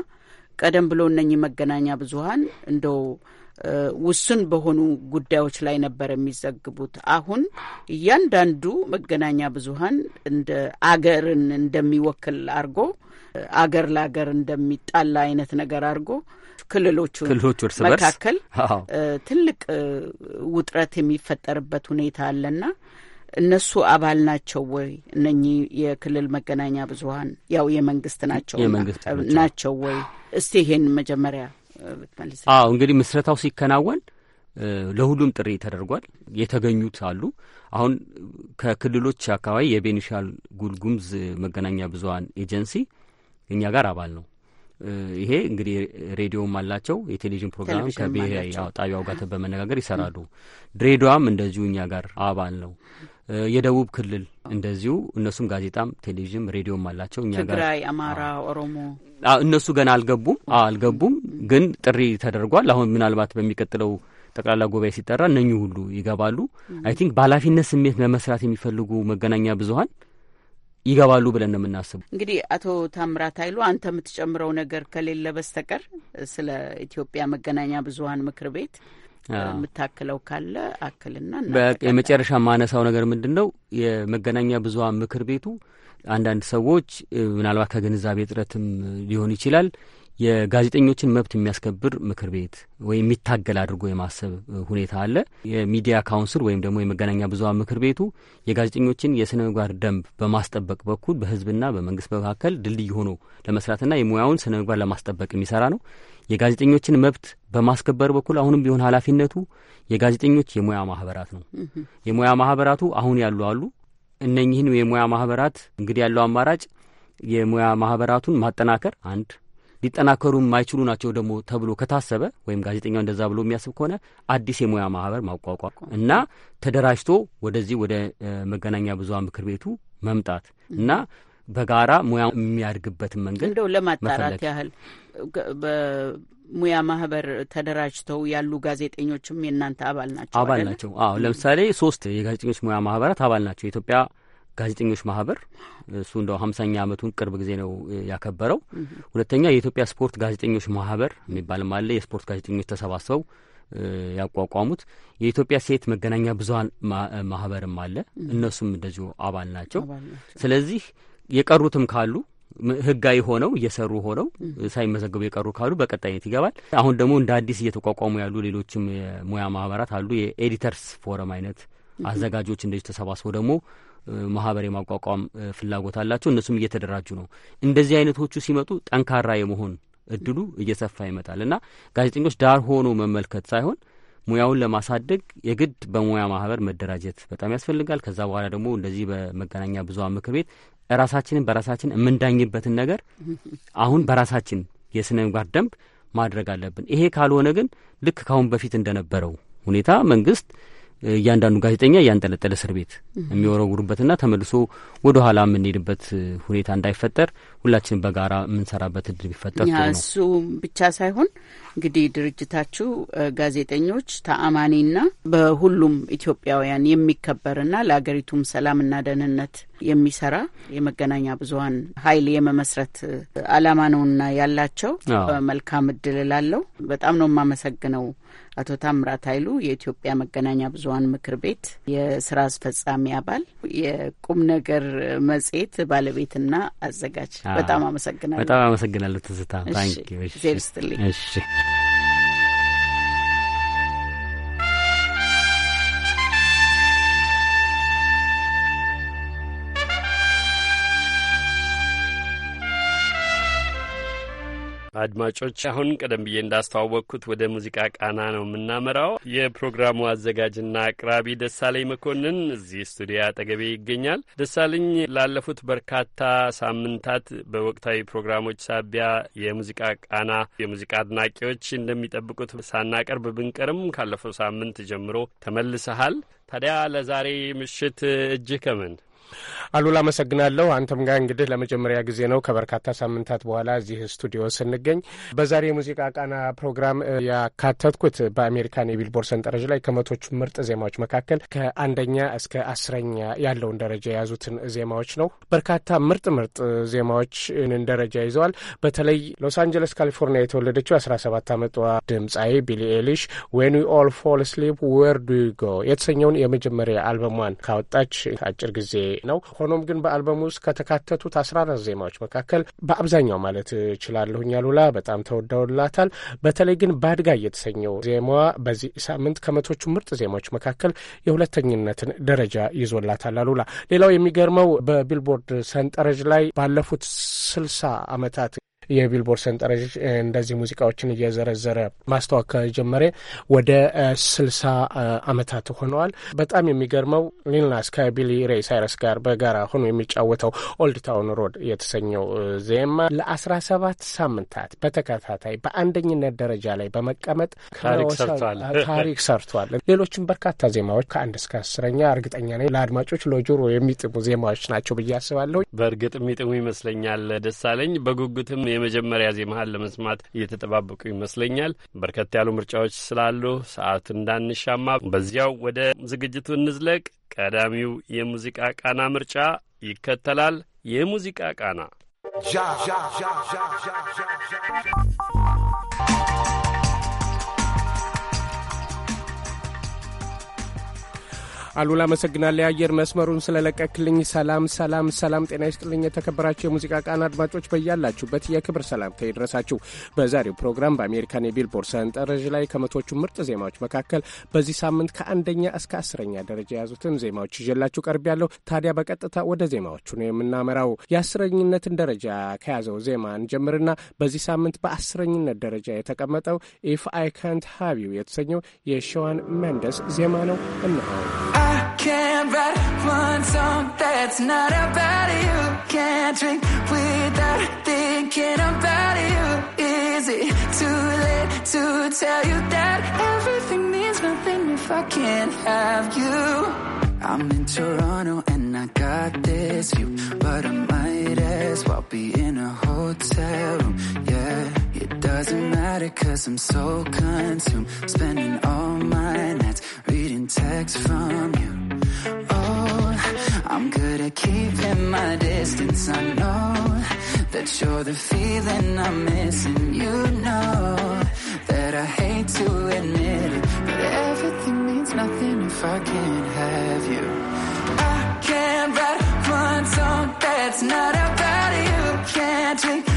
ቀደም ብሎ እነኚህ መገናኛ ብዙኃን እንደው ውስን በሆኑ ጉዳዮች ላይ ነበር የሚዘግቡት። አሁን እያንዳንዱ መገናኛ ብዙኃን እንደ አገርን እንደሚወክል አድርጎ አገር ለአገር እንደሚጣላ አይነት ነገር አድርጎ ክልሎቹ መካከል ትልቅ ውጥረት የሚፈጠርበት ሁኔታ አለና እነሱ አባል ናቸው ወይ? እነኚህ የክልል መገናኛ ብዙኃን ያው የመንግስት ናቸው ናቸው ወይ? እስቲ ይሄን መጀመሪያ ብትመልስ። አዎ እንግዲህ ምስረታው ሲከናወን ለሁሉም ጥሪ ተደርጓል። የተገኙት አሉ። አሁን ከክልሎች አካባቢ የቤኒሻል ጉልጉምዝ መገናኛ ብዙኃን ኤጀንሲ እኛ ጋር አባል ነው። ይሄ እንግዲህ ሬዲዮም አላቸው የቴሌቪዥን ፕሮግራም ከብሔራዊ ጣቢያው ጋር በመነጋገር ይሰራሉ። ድሬዳዋም እንደዚሁ እኛ ጋር አባል ነው። የደቡብ ክልል እንደዚሁ እነሱም ጋዜጣም ቴሌቪዥን ሬዲዮም አላቸው። እኛ ትግራይ፣ አማራ፣ ኦሮሞ እነሱ ገና አልገቡም አልገቡም፣ ግን ጥሪ ተደርጓል። አሁን ምናልባት በሚቀጥለው ጠቅላላ ጉባኤ ሲጠራ እነኙ ሁሉ ይገባሉ። አይ ቲንክ በኃላፊነት ስሜት ለመስራት የሚፈልጉ መገናኛ ብዙሀን ይገባሉ ብለን ነው የምናስቡ። እንግዲህ አቶ ታምራት ኃይሉ አንተ የምትጨምረው ነገር ከሌለ በስተቀር ስለ ኢትዮጵያ መገናኛ ብዙሀን ምክር ቤት የምታክለው ካለ አክልና። የመጨረሻ ማነሳው ነገር ምንድን ነው? የመገናኛ ብዙኃን ምክር ቤቱ አንዳንድ ሰዎች ምናልባት ከግንዛቤ እጥረትም ሊሆን ይችላል የጋዜጠኞችን መብት የሚያስከብር ምክር ቤት ወይም የሚታገል አድርጎ የማሰብ ሁኔታ አለ። የሚዲያ ካውንስል ወይም ደግሞ የመገናኛ ብዙኃን ምክር ቤቱ የጋዜጠኞችን የስነ ምግባር ደንብ በማስጠበቅ በኩል በህዝብና በመንግስት መካከል ድልድይ ሆኖ ለመስራትና የሙያውን ስነ ምግባር ለማስጠበቅ የሚሰራ ነው። የጋዜጠኞችን መብት በማስከበር በኩል አሁንም ቢሆን ኃላፊነቱ የጋዜጠኞች የሙያ ማህበራት ነው። የሙያ ማህበራቱ አሁን ያሉ አሉ። እነኚህን የሙያ ማህበራት እንግዲህ ያለው አማራጭ የሙያ ማህበራቱን ማጠናከር አንድ ሊጠናከሩ የማይችሉ ናቸው ደግሞ ተብሎ ከታሰበ ወይም ጋዜጠኛው እንደዛ ብሎ የሚያስብ ከሆነ አዲስ የሙያ ማህበር ማቋቋም እና ተደራጅቶ ወደዚህ ወደ መገናኛ ብዙሃን ምክር ቤቱ መምጣት እና በጋራ ሙያ የሚያድግበትን መንገድ እንደው ለማጣራት ያህል በሙያ ማህበር ተደራጅተው ያሉ ጋዜጠኞችም የእናንተ አባል ናቸው? አባል ናቸው። አዎ፣ ለምሳሌ ሶስት የጋዜጠኞች ሙያ ማህበራት አባል ናቸው። የኢትዮጵያ ጋዜጠኞች ማህበር እሱ እንደው ሀምሳኛ ዓመቱን ቅርብ ጊዜ ነው ያከበረው። ሁለተኛ የኢትዮጵያ ስፖርት ጋዜጠኞች ማህበር የሚባልም አለ። የስፖርት ጋዜጠኞች ተሰባስበው ያቋቋሙት የኢትዮጵያ ሴት መገናኛ ብዙሀን ማህበርም አለ። እነሱም እንደዚሁ አባል ናቸው። ስለዚህ የቀሩትም ካሉ ህጋዊ ሆነው እየሰሩ ሆነው ሳይመዘገቡ የቀሩ ካሉ በቀጣይነት ይገባል። አሁን ደግሞ እንደ አዲስ እየተቋቋሙ ያሉ ሌሎችም የሙያ ማህበራት አሉ። የኤዲተርስ ፎረም አይነት አዘጋጆች እንደዚህ ተሰባስበው ደግሞ ማህበር የማቋቋም ፍላጎት አላቸው። እነሱም እየተደራጁ ነው። እንደዚህ አይነቶቹ ሲመጡ ጠንካራ የመሆን እድሉ እየሰፋ ይመጣል እና ጋዜጠኞች ዳር ሆኖ መመልከት ሳይሆን ሙያውን ለማሳደግ የግድ በሙያ ማህበር መደራጀት በጣም ያስፈልጋል። ከዛ በኋላ ደግሞ እንደዚህ በመገናኛ ብዙን ምክር ቤት ራሳችንን በራሳችን የምንዳኝበትን ነገር አሁን በራሳችን የስነ ምግባር ደንብ ማድረግ አለብን። ይሄ ካልሆነ ግን ልክ ካሁን በፊት እንደነበረው ሁኔታ መንግስት እያንዳንዱ ጋዜጠኛ እያንጠለጠለ እስር ቤት የሚወረውሩበትና ተመልሶ ወደ ኋላ የምንሄድበት ሁኔታ እንዳይፈጠር ሁላችንም በጋራ የምንሰራበት እድል ቢፈጠር ነው። እሱ ብቻ ሳይሆን እንግዲህ ድርጅታችሁ ጋዜጠኞች ተአማኒና በሁሉም ኢትዮጵያውያን የሚከበርና ለሀገሪቱም ሰላምና ደህንነት የሚሰራ የመገናኛ ብዙኃን ኃይል የመመስረት አላማ ነውና ያላቸው መልካም እድል ላለው በጣም ነው የማመሰግነው። አቶ ታምራት ኃይሉ የኢትዮጵያ መገናኛ ብዙኃን ምክር ቤት የስራ አስፈጻሚ አባል፣ የቁም ነገር መጽሔት ባለቤትና አዘጋጅ። በጣም አመሰግናለሁ። በጣም አመሰግናለሁ ትዝታ። ታንኪ ዜር ስትልኝ። እሺ አድማጮች አሁን ቀደም ብዬ እንዳስተዋወቅኩት ወደ ሙዚቃ ቃና ነው የምናመራው። የፕሮግራሙ አዘጋጅና አቅራቢ ደሳለኝ መኮንን እዚህ ስቱዲዮ አጠገቤ ይገኛል። ደሳለኝ ላለፉት በርካታ ሳምንታት በወቅታዊ ፕሮግራሞች ሳቢያ የሙዚቃ ቃና የሙዚቃ አድናቂዎች እንደሚጠብቁት ሳናቀርብ ብንቀርም ካለፈው ሳምንት ጀምሮ ተመልሰሃል። ታዲያ ለዛሬ ምሽት እጅህ ከምን አሉላ አመሰግናለሁ። አንተም ጋር እንግዲህ ለመጀመሪያ ጊዜ ነው ከበርካታ ሳምንታት በኋላ እዚህ ስቱዲዮ ስንገኝ። በዛሬ የሙዚቃ ቃና ፕሮግራም ያካተትኩት በአሜሪካን የቢልቦርድ ሰንጠረዥ ላይ ከመቶቹ ምርጥ ዜማዎች መካከል ከአንደኛ እስከ አስረኛ ያለውን ደረጃ የያዙትን ዜማዎች ነው። በርካታ ምርጥ ምርጥ ዜማዎችን ደረጃ ይዘዋል። በተለይ ሎስ አንጀለስ ካሊፎርኒያ የተወለደችው አስራ ሰባት ዓመቷ ድምጻዊ ቢሊ ኤሊሽ ዌን ዊ ኦል ፎል ስሊፕ ዌር ዱ ዩ ጎ የተሰኘውን የመጀመሪያ አልበሟን ካወጣች አጭር ጊዜ ነው። ሆኖም ግን በአልበሙ ውስጥ ከተካተቱት አስራ አራት ዜማዎች መካከል በአብዛኛው ማለት እችላለሁኝ አሉላ በጣም ተወዳውላታል። በተለይ ግን ባድጋ የተሰኘው ዜማዋ በዚህ ሳምንት ከመቶቹ ምርጥ ዜማዎች መካከል የሁለተኝነትን ደረጃ ይዞላታል። አሉላ ሌላው የሚገርመው በቢልቦርድ ሰንጠረዥ ላይ ባለፉት ስልሳ አመታት ። የቢልቦርድ ሰንጠረዥ እንደዚህ ሙዚቃዎችን እየዘረዘረ ማስታወቅ ከጀመረ ወደ ስልሳ አመታት ሆነዋል። በጣም የሚገርመው ሊልናስ ከቢሊ ሬይ ሳይረስ ጋር በጋራ ሆኖ የሚጫወተው ኦልድ ታውን ሮድ የተሰኘው ዜማ ለአስራ ሰባት ሳምንታት በተከታታይ በአንደኝነት ደረጃ ላይ በመቀመጥ ታሪክ ሰርቷል። ሌሎችም በርካታ ዜማዎች ከአንድ እስከ አስረኛ እርግጠኛ ነኝ ለአድማጮች ለጆሮ የሚጥሙ ዜማዎች ናቸው ብዬ አስባለሁ። በእርግጥ የሚጥሙ ይመስለኛል። ደሳለኝ በጉጉትም የመጀመሪያ ዜማህን ለመስማት እየተጠባበቁ ይመስለኛል። በርከት ያሉ ምርጫዎች ስላሉ ሰዓት እንዳንሻማ በዚያው ወደ ዝግጅቱ እንዝለቅ። ቀዳሚው የሙዚቃ ቃና ምርጫ ይከተላል። የሙዚቃ ቃና አሉላ አመሰግናለሁ። የአየር መስመሩን ስለለቀክልኝ። ሰላም ሰላም ሰላም፣ ጤና ይስጥልኝ። የተከበራችሁ የሙዚቃ ቃና አድማጮች በያላችሁበት የክብር ሰላምታ ይድረሳችሁ። በዛሬው ፕሮግራም በአሜሪካን የቢልቦርድ ሰንጠረዥ ላይ ከመቶቹ ምርጥ ዜማዎች መካከል በዚህ ሳምንት ከአንደኛ እስከ አስረኛ ደረጃ የያዙትን ዜማዎች ይዤላችሁ ቀርቤያለሁ። ታዲያ በቀጥታ ወደ ዜማዎቹ ነው የምናመራው። የአስረኝነትን ደረጃ ከያዘው ዜማ እንጀምርና በዚህ ሳምንት በአስረኝነት ደረጃ የተቀመጠው ኢፍ አይ ካንት ሃቪው የተሰኘው የሸዋን መንደስ ዜማ ነው። እንሆ can't write one song that's not about you. Can't drink without thinking about you. Is it too late to tell you that everything means nothing if I can't have you? I'm in Toronto and I got this view, but I might as well be in a hotel room, yeah. It doesn't matter cause I'm so consumed Spending all my nights reading texts from you Oh, I'm good at keeping my distance I know that you're the feeling I'm missing You know that I hate to admit it But everything means nothing if I can't have you I can't write one song that's not about you Can't drink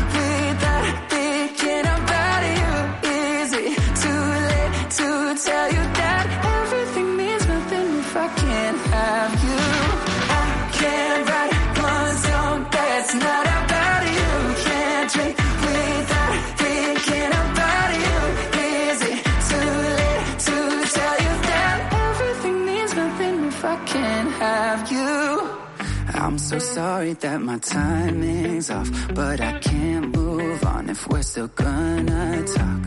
so sorry that my timing's off, but I can't move on if we're still gonna talk.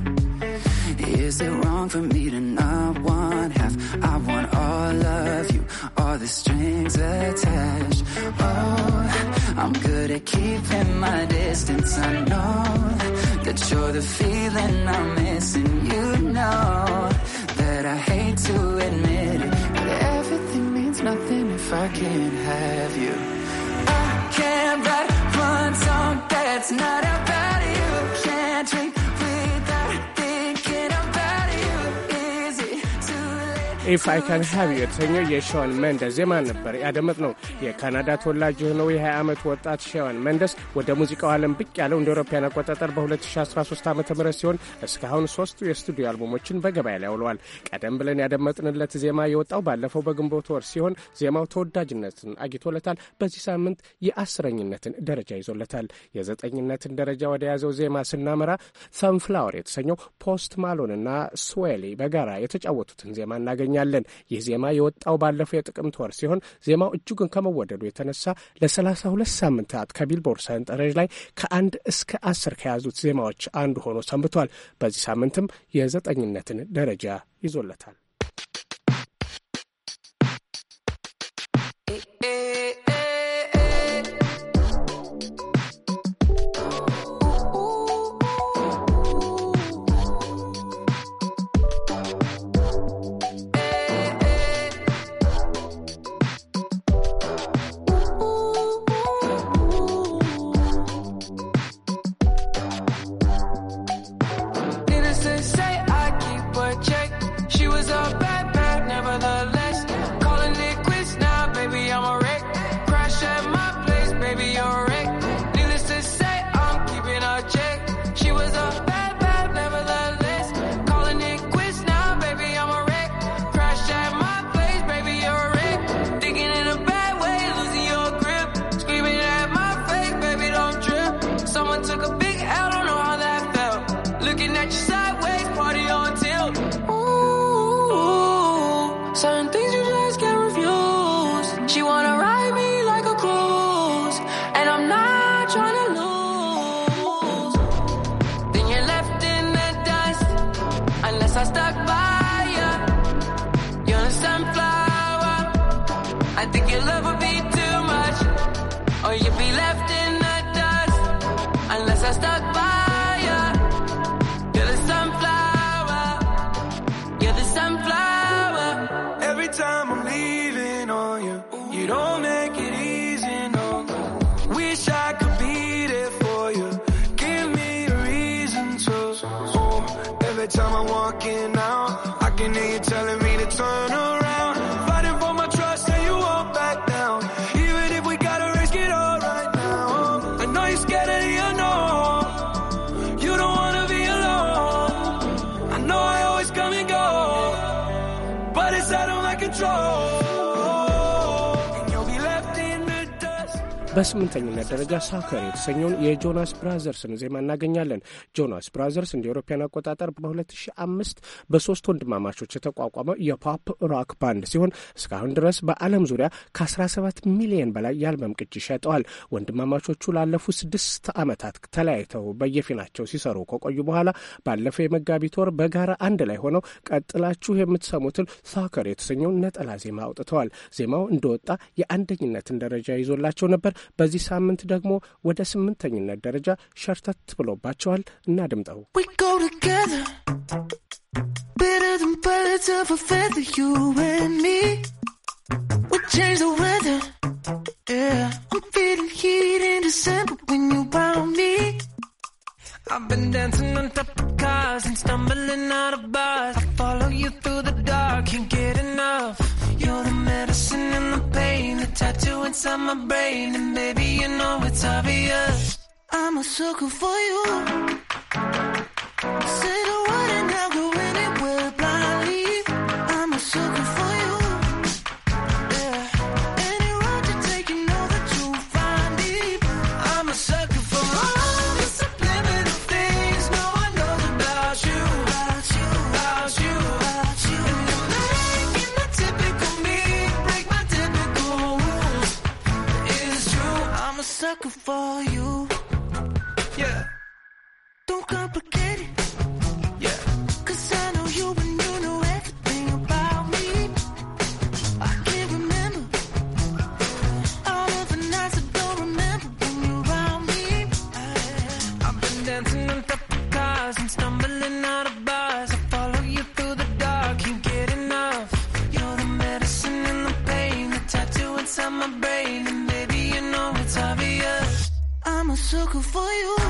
Is it wrong for me to not want half? I want all of you, all the strings attached. Oh, I'm good at keeping my distance. I know that you're the feeling I'm missing. You know that I hate to admit it, but everything means nothing if I can't have you. Can't write one song that's not about you. Can't drink ኢፍ አይ ካን ሃቭ ዩ የተሰኘው የሸዋን መንደስ ዜማ ነበር ያደመጥ ነው። የካናዳ ተወላጅ የሆነው የ20 ዓመት ወጣት ሸዋን መንደስ ወደ ሙዚቃው ዓለም ብቅ ያለው እንደ አውሮፓውያን አቆጣጠር በ2013 ዓ ም ሲሆን እስካሁን ሶስቱ የስቱዲዮ አልበሞችን በገበያ ላይ ውለዋል። ቀደም ብለን ያደመጥንለት ዜማ የወጣው ባለፈው በግንቦት ወር ሲሆን ዜማው ተወዳጅነትን አግኝቶለታል። በዚህ ሳምንት የአስረኝነትን ደረጃ ይዞለታል። የዘጠኝነትን ደረጃ ወደ ያዘው ዜማ ስናመራ ሰንፍላወር የተሰኘው ፖስት ማሎን እና ስዌሊ በጋራ የተጫወቱትን ዜማ እናገኘ እንገኛለን። ይህ ዜማ የወጣው ባለፈው የጥቅምት ወር ሲሆን ዜማው እጅጉን ከመወደዱ የተነሳ ለሰላሳ ሁለት ሳምንታት ከቢልቦርድ ሰንጠረዥ ላይ ከአንድ እስከ አስር ከያዙት ዜማዎች አንዱ ሆኖ ሰንብቷል። በዚህ ሳምንትም የዘጠኝነትን ደረጃ ይዞለታል። በስምንተኝነት ደረጃ ሳከር የተሰኘውን የጆናስ ብራዘርስን ዜማ እናገኛለን። ጆናስ ብራዘርስ እንደ ኤሮፓያን አቆጣጠር በ2005 በሶስት ወንድማማቾች የተቋቋመ የፖፕ ሮክ ባንድ ሲሆን እስካሁን ድረስ በዓለም ዙሪያ ከ17 ሚሊዮን በላይ የአልበም ቅጂ ሸጠዋል። ወንድማማቾቹ ላለፉት ስድስት ዓመታት ተለያይተው በየፊናቸው ሲሰሩ ከቆዩ በኋላ ባለፈው የመጋቢት ወር በጋራ አንድ ላይ ሆነው ቀጥላችሁ የምትሰሙትን ሳከር የተሰኘውን ነጠላ ዜማ አውጥተዋል። ዜማው እንደወጣ የአንደኝነትን ደረጃ ይዞላቸው ነበር። በዚህ ሳምንት ደግሞ ወደ ስምንተኝነት ደረጃ ሸርተት ብሎባቸዋል። እናድምጠው። I've been dancing on top of cars and stumbling out of bars. I follow you through the dark, can't get enough. You're the medicine and the pain, the tattoo inside my brain, and baby, you know it's obvious. I'm a sucker for you. Sit for you. Yeah. Don't complicate. took for you.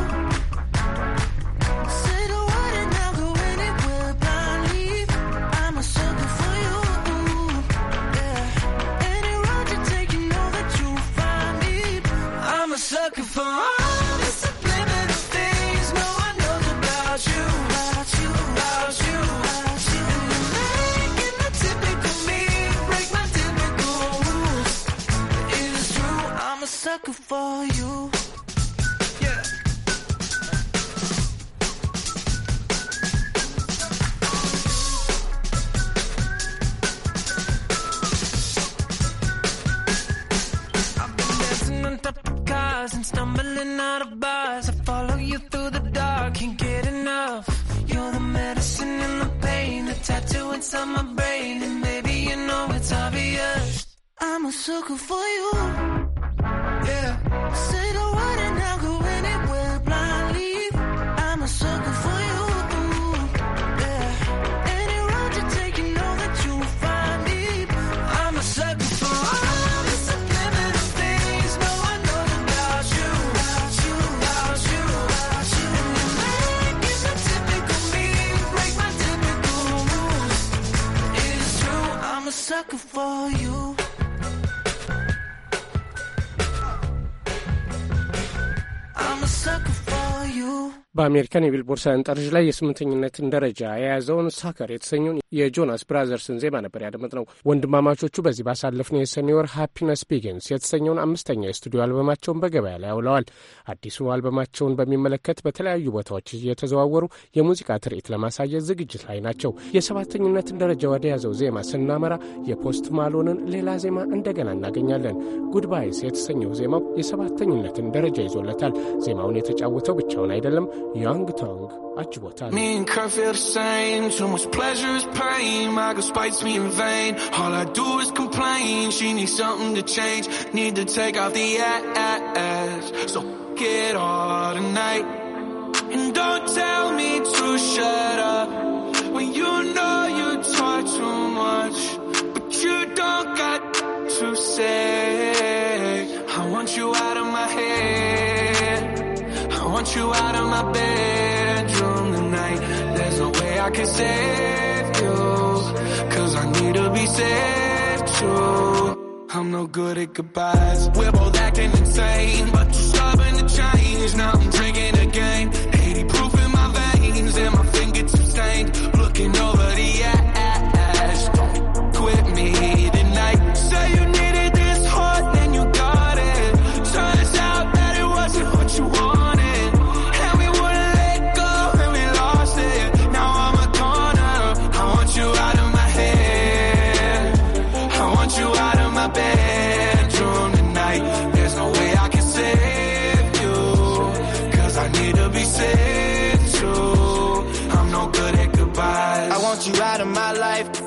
በአሜሪካን የቢልቦርድ ሰንጠረዥ ላይ የስምንተኝነትን ደረጃ የያዘውን ሳከር የተሰኘውን የጆናስ ብራዘርስን ዜማ ነበር ያደመጥነው። ወንድማማቾቹ በዚህ ባሳለፍነው የሰኔ ወር ሃፒነስ ቢጊንስ የተሰኘውን አምስተኛ የስቱዲዮ አልበማቸውን በገበያ ላይ አውለዋል። አዲሱ አልበማቸውን በሚመለከት በተለያዩ ቦታዎች እየተዘዋወሩ የሙዚቃ ትርኢት ለማሳየት ዝግጅት ላይ ናቸው። የሰባተኝነትን ደረጃ ወደ ያዘው ዜማ ስናመራ የፖስት ማሎንን ሌላ ዜማ እንደገና እናገኛለን። ጉድባይስ የተሰኘው ዜማው የሰባተኝነትን ደረጃ ይዞለታል። ዜማውን የተጫወተው ብቻውን አይደለም። Young Tong አጅቦታል። Me and Kurt feel the same. Too much pleasure is pain. My girl spites me in vain. All I do is complain. She needs something to change. Need to take off the ass. So get all tonight. And don't tell me to shut up when you know you talk too much, but you don't got to say. I want you out of my head want you out of my bedroom tonight. There's no way I can save you. Cause I need to be saved too. I'm no good at goodbyes. We're both acting insane, but you're stubborn to change. Now I'm drinking again. 80 proof in my veins, and my fingertips stained. Looking over.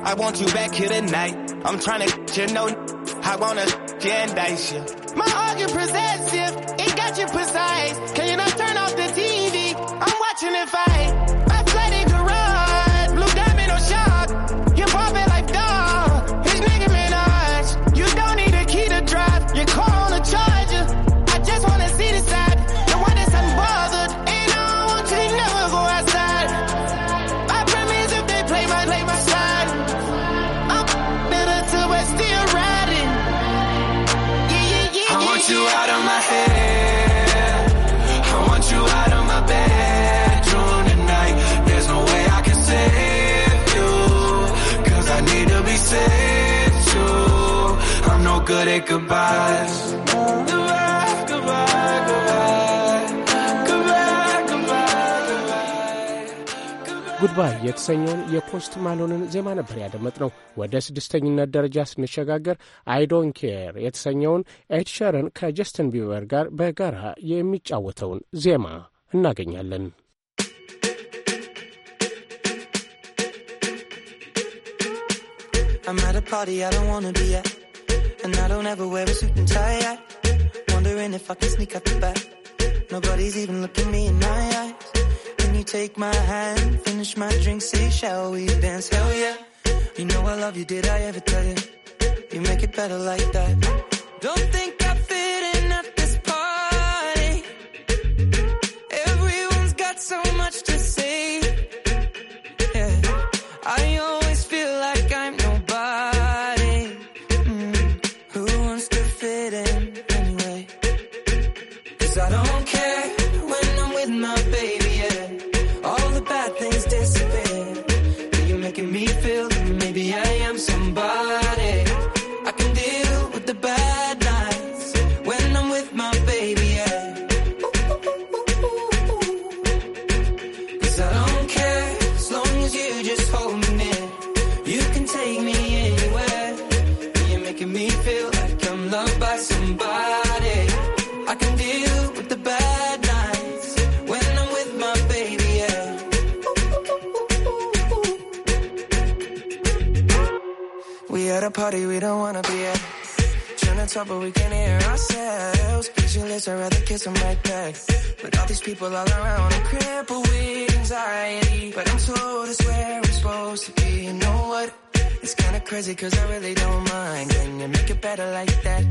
I want you back here tonight. I'm trying to you know I wanna gendice you. My heart is possessive, it got you precise. Can you not turn off the TV? I'm watching it fight. good at goodbyes. ጉድባይ የተሰኘውን የፖስት ማሎንን ዜማ ነበር ያደመጥነው። ወደ ስድስተኝነት ደረጃ ስንሸጋገር አይዶን ኬር የተሰኘውን ኤድሸርን ከጀስትን ቢበር ጋር በጋራ የሚጫወተውን ዜማ እናገኛለን። I'm at a party I don't wanna be at I don't ever wear a suit and tie. I wondering if I can sneak out the back. Nobody's even looking me in my eyes. Can you take my hand, finish my drink, say, shall we dance? Hell yeah. You know I love you, did I ever tell you? You make it better like that. Don't think talk, but we can't hear ourselves. Speechless, I'd rather kiss a right back. But all these people all around, I'm crippled with anxiety. But I'm told it's where I'm supposed to be. You know what? It's kinda crazy, cause I really don't mind. Can you make it better like that?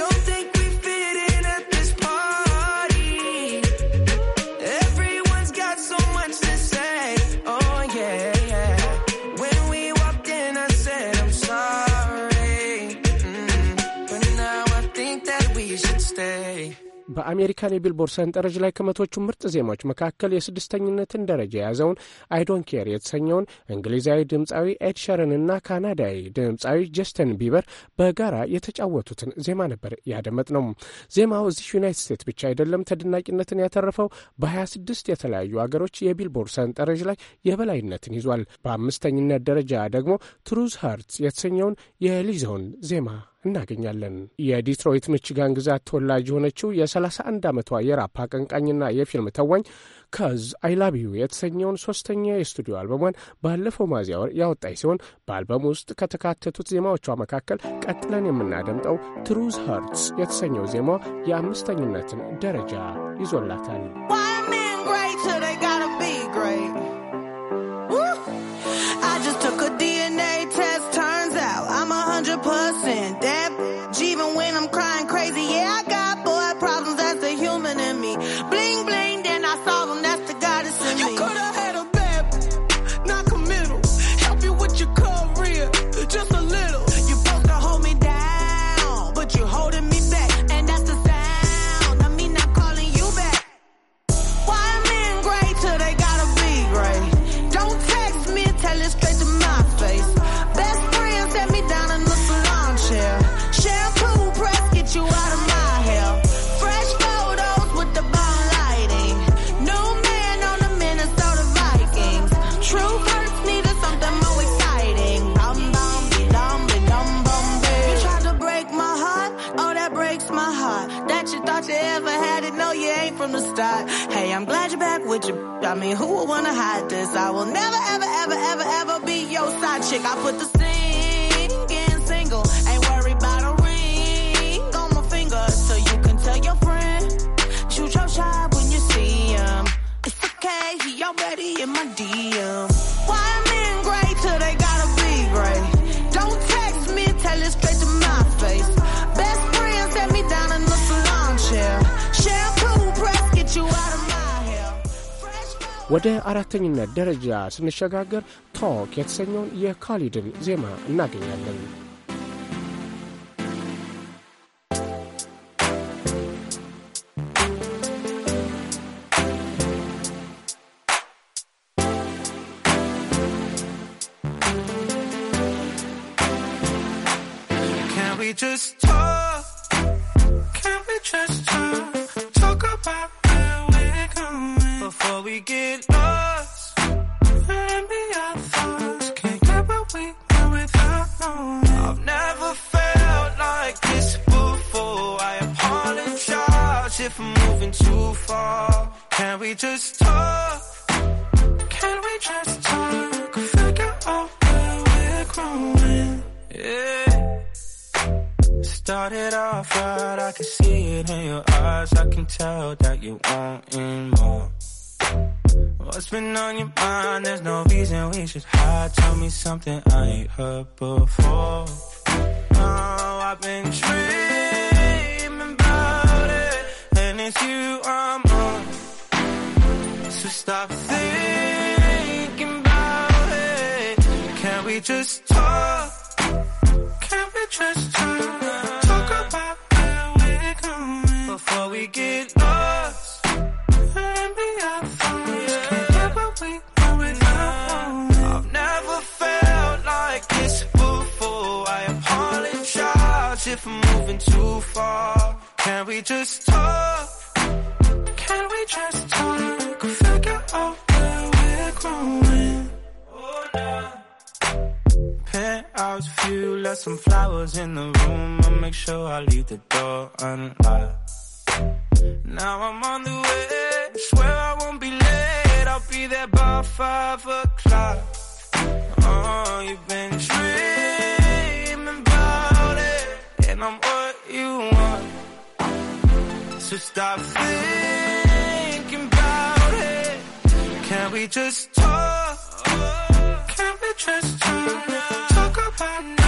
Don't think በአሜሪካን የቢልቦርድ ሰንጠረዥ ላይ ከመቶቹ ምርጥ ዜማዎች መካከል የስድስተኝነትን ደረጃ የያዘውን አይዶን ኬር የተሰኘውን እንግሊዛዊ ድምፃዊ ኤድ እና ካናዳዊ ድምፃዊ ጀስተን ቢበር በጋራ የተጫወቱትን ዜማ ነበር ያደመጥ ነው። ዜማው እዚህ ዩናይትድ ስቴትስ ብቻ አይደለም ተደናቂነትን ያተረፈው በ26 የተለያዩ አገሮች የቢልቦርድ ሰንጠረዥ ላይ የበላይነትን ይዟል። በአምስተኝነት ደረጃ ደግሞ ትሩዝ ሀርትስ የተሰኘውን የሊዞን ዜማ እናገኛለን። የዲትሮይት ምችጋን ግዛት ተወላጅ የሆነችው የ31 ዓመቷ የራፕ አቀንቃኝና የፊልም ተዋኝ ከዝ አይላቢዩ የተሰኘውን ሶስተኛ የስቱዲዮ አልበሟን ባለፈው ሚያዝያ ወር ያወጣች ሲሆን በአልበም ውስጥ ከተካተቱት ዜማዎቿ መካከል ቀጥለን የምናደምጠው ትሩዝ ሀርትስ የተሰኘው ዜማ የአምስተኝነትን ደረጃ ይዞላታል። with you. I mean, who would wanna hide this? I will never, ever, ever, ever, ever be your side chick. I put the singing single, ain't worried about a ring on my finger. So you can tell your friend, shoot your shot when you see him. It's okay, he already in my ወደ አራተኝነት ደረጃ ስንሸጋገር ቶክ የተሰኘውን የካሊድን ዜማ እናገኛለን። off right. I can see it in your eyes. I can tell that you want more. What's been on your mind? There's no reason we should hide. Tell me something I ain't heard before. Oh, I've been dreaming about it, and it's you I'm on. So stop thinking about it. Can we just talk? Can we just talk? before we get lost. let me out I've never felt like this before. I apologize if I'm moving too far. Can we just talk? Can we just talk? Figure out where we're growing. Oh, nah a few, left some flowers in the room. I'll make sure I leave the door unlocked. Now I'm on the way. Swear I won't be late. I'll be there by five o'clock. Oh, you've been dreaming about it, and I'm what you want. So stop thinking about it. Can we just talk? Can we just talk? Talk about.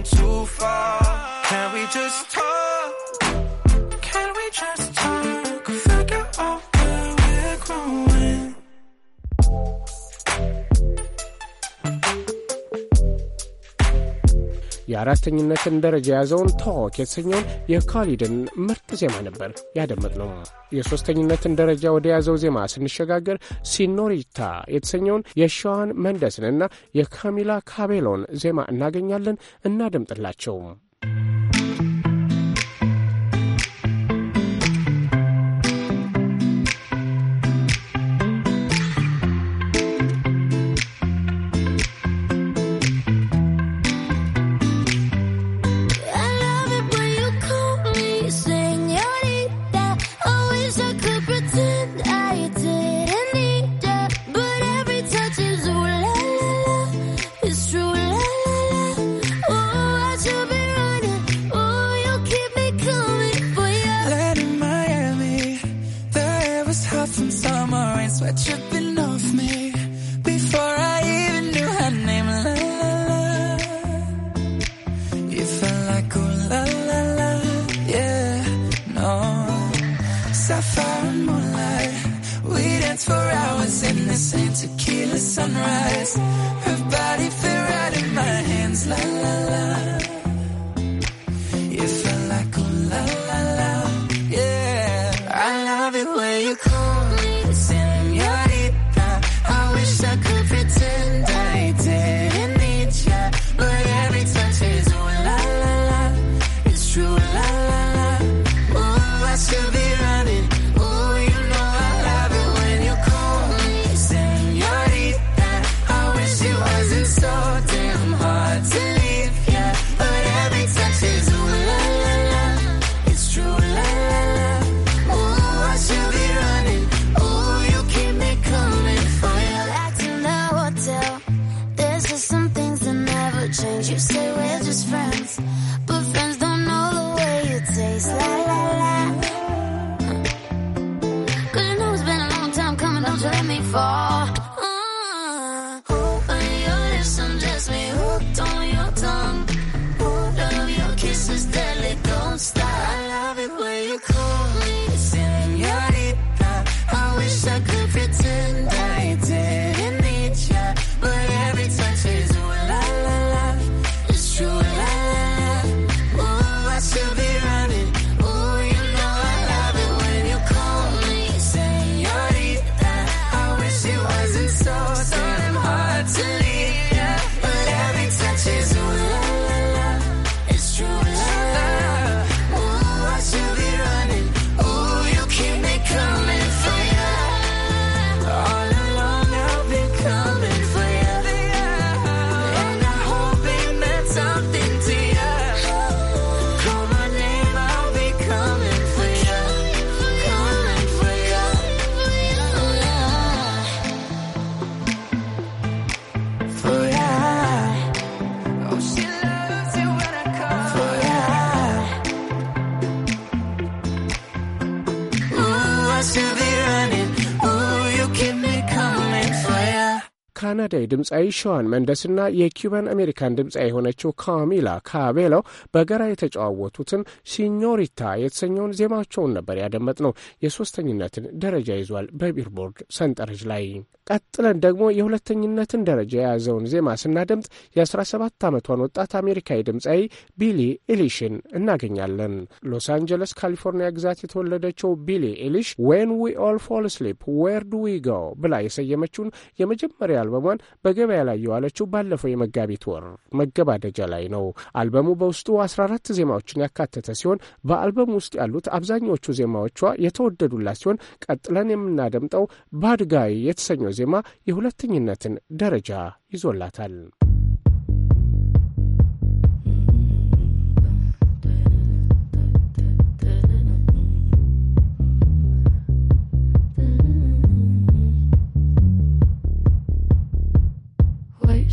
going too far. Can we just talk? የአራተኝነትን ደረጃ የያዘውን ታዋክ የተሰኘውን የካሊድን ምርጥ ዜማ ነበር ያደመጥነው። የሦስተኝነትን ደረጃ ወደ ያዘው ዜማ ስንሸጋገር ሲኖሪታ የተሰኘውን የሸዋን መንደስንና የካሚላ ካቤሎን ዜማ እናገኛለን። እናደምጥላቸው። ካናዳዊ ድምፃዊ ሸዋን መንደስና የኪውባን አሜሪካን ድምፃዊ የሆነችው ካሚላ ካቤሎ በጋራ የተጫዋወቱትን ሲኞሪታ የተሰኘውን ዜማቸውን ነበር ያደመጥ ነው። የሶስተኝነትን ደረጃ ይዟል በቢልቦርድ ሰንጠረዥ ላይ። ቀጥለን ደግሞ የሁለተኝነትን ደረጃ የያዘውን ዜማ ስናደምጥ የ17 ዓመቷን ወጣት አሜሪካዊ ድምፃዊ ቢሊ ኢሊሽን እናገኛለን። ሎስ አንጀለስ ካሊፎርኒያ ግዛት የተወለደችው ቢሊ ኢሊሽ ዌን ዊ ኦል ፎል ስሊፕ ዌር ዱ ዊ ጎ ብላ የሰየመችውን የመጀመሪያ አልበሟን በገበያ ላይ የዋለችው ባለፈው የመጋቢት ወር መገባደጃ ላይ ነው። አልበሙ በውስጡ 14 ዜማዎችን ያካተተ ሲሆን በአልበሙ ውስጥ ያሉት አብዛኛዎቹ ዜማዎቿ የተወደዱላት ሲሆን ቀጥለን የምናደምጠው ባድጋይ የተሰኘው ዜማ የሁለተኝነትን ደረጃ ይዞላታል።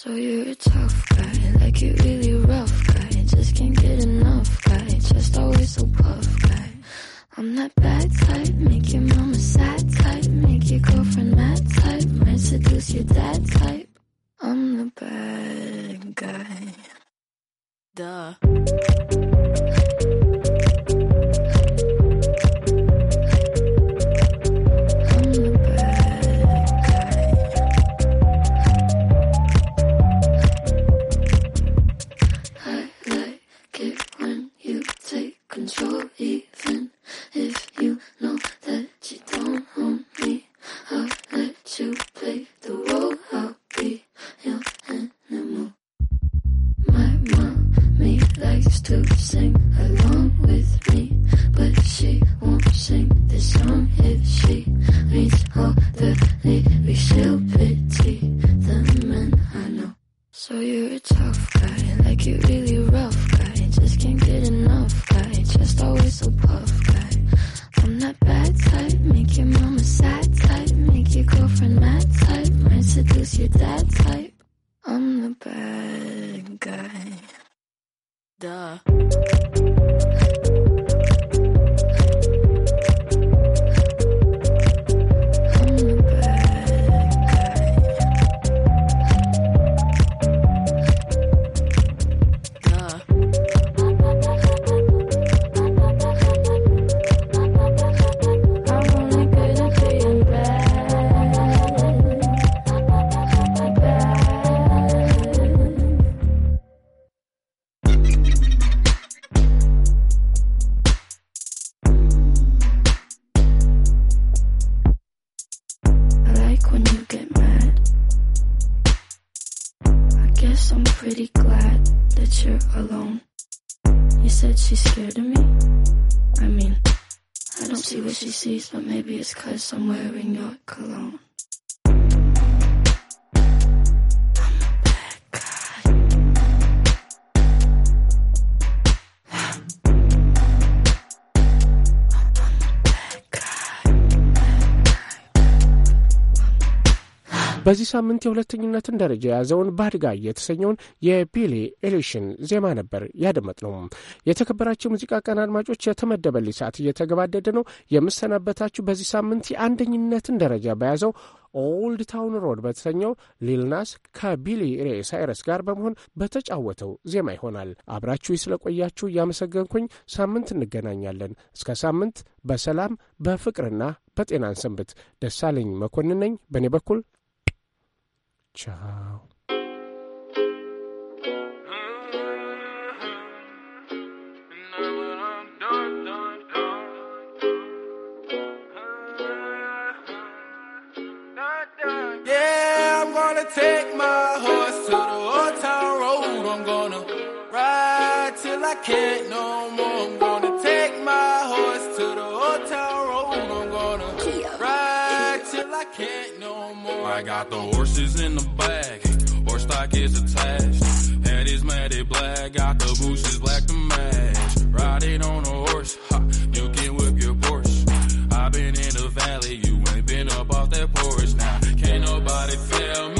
So you're a tough guy, like you really rough guy. Just can't get enough guy, just always so puff guy. I'm that bad type, make your mama sad type, make your girlfriend mad type, might seduce your dad type. I'm the bad guy. Duh. በዚህ ሳምንት የሁለተኝነትን ደረጃ የያዘውን ባድጋ የተሰኘውን የቢሊ ኤሊሽን ዜማ ነበር ያደመጥነው። የተከበራቸው ሙዚቃ ቀን አድማጮች፣ የተመደበልኝ ሰዓት እየተገባደደ ነው። የምሰናበታችሁ በዚህ ሳምንት የአንደኝነትን ደረጃ በያዘው ኦልድ ታውን ሮድ በተሰኘው ሊልናስ ከቢሊ ሬ ሳይረስ ጋር በመሆን በተጫወተው ዜማ ይሆናል። አብራችሁ ስለቆያችሁ እያመሰገንኩኝ ሳምንት እንገናኛለን። እስከ ሳምንት በሰላም በፍቅርና በጤናን ሰንብት። ደሳለኝ መኮንን ነኝ። በእኔ በኩል child. Yeah, I'm gonna take my horse to the old town road. I'm gonna ride till I can't no more. I'm gonna take my horse can't no more. I got the horses in the back, horse stock is attached. Head is matted black, got the bushes black to match. Riding on a horse, ha, you can whip your Porsche. i been in the valley, you ain't been up off that porch. Now, can't nobody fail me.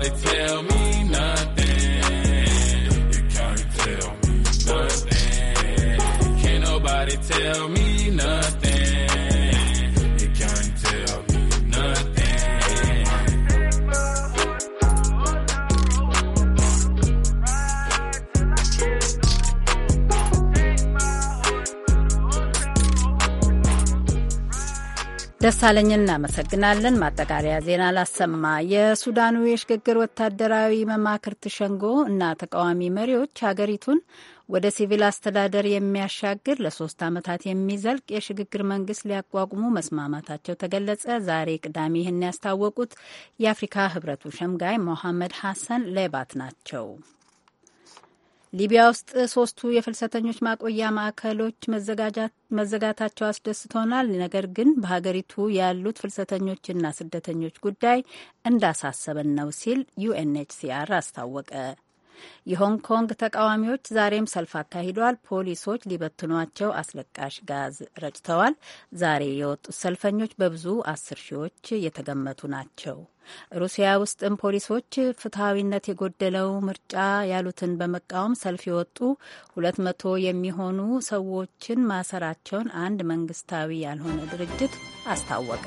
Nobody tell me nothing. You can't tell me nothing. Can't nobody tell me ደሳለኝን እናመሰግናለን። ማጠቃለያ ዜና ላሰማ። የሱዳኑ የሽግግር ወታደራዊ መማክርት ሸንጎ እና ተቃዋሚ መሪዎች ሀገሪቱን ወደ ሲቪል አስተዳደር የሚያሻግር ለሶስት ዓመታት የሚዘልቅ የሽግግር መንግስት ሊያቋቁሙ መስማማታቸው ተገለጸ። ዛሬ ቅዳሜ ይህን ያስታወቁት የአፍሪካ ህብረቱ ሸምጋይ ሞሐመድ ሐሰን ሌባት ናቸው። ሊቢያ ውስጥ ሶስቱ የፍልሰተኞች ማቆያ ማዕከሎች መዘጋታቸው አስደስቶናል። ነገር ግን በሀገሪቱ ያሉት ፍልሰተኞችና ስደተኞች ጉዳይ እንዳሳሰበን ነው ሲል ዩኤንኤችሲአር አስታወቀ። የሆንግ ኮንግ ተቃዋሚዎች ዛሬም ሰልፍ አካሂደዋል። ፖሊሶች ሊበትኗቸው አስለቃሽ ጋዝ ረጭተዋል። ዛሬ የወጡት ሰልፈኞች በብዙ አስር ሺዎች የተገመቱ ናቸው። ሩሲያ ውስጥም ፖሊሶች ፍትሐዊነት የጎደለው ምርጫ ያሉትን በመቃወም ሰልፍ የወጡ ሁለት መቶ የሚሆኑ ሰዎችን ማሰራቸውን አንድ መንግስታዊ ያልሆነ ድርጅት አስታወቀ።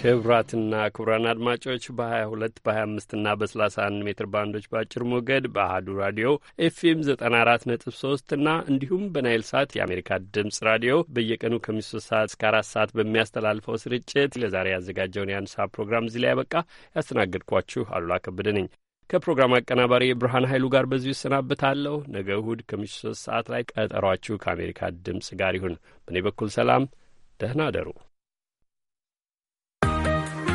ክቡራትና ክቡራን አድማጮች በ22 በ25 ና በ31 ሜትር ባንዶች በአጭር ሞገድ በአህዱ ራዲዮ ኤፍኤም 94.3 እና እንዲሁም በናይል ሳት የአሜሪካ ድምፅ ራዲዮ በየቀኑ ከ3 ሰዓት እስከ 4 ሰዓት በሚያስተላልፈው ስርጭት ለዛሬ ያዘጋጀውን የአንድ ሰዓት ፕሮግራም እዚህ ላይ ያበቃ። ያስተናገድኳችሁ አሉላ ከበደ ነኝ። ከፕሮግራም አቀናባሪ ብርሃን ኃይሉ ጋር በዚሁ ይሰናብታለሁ። ነገ እሁድ ከ3 ሰዓት ላይ ቀጠሯችሁ ከአሜሪካ ድምፅ ጋር ይሁን። በእኔ በኩል ሰላም፣ ደህና አደሩ።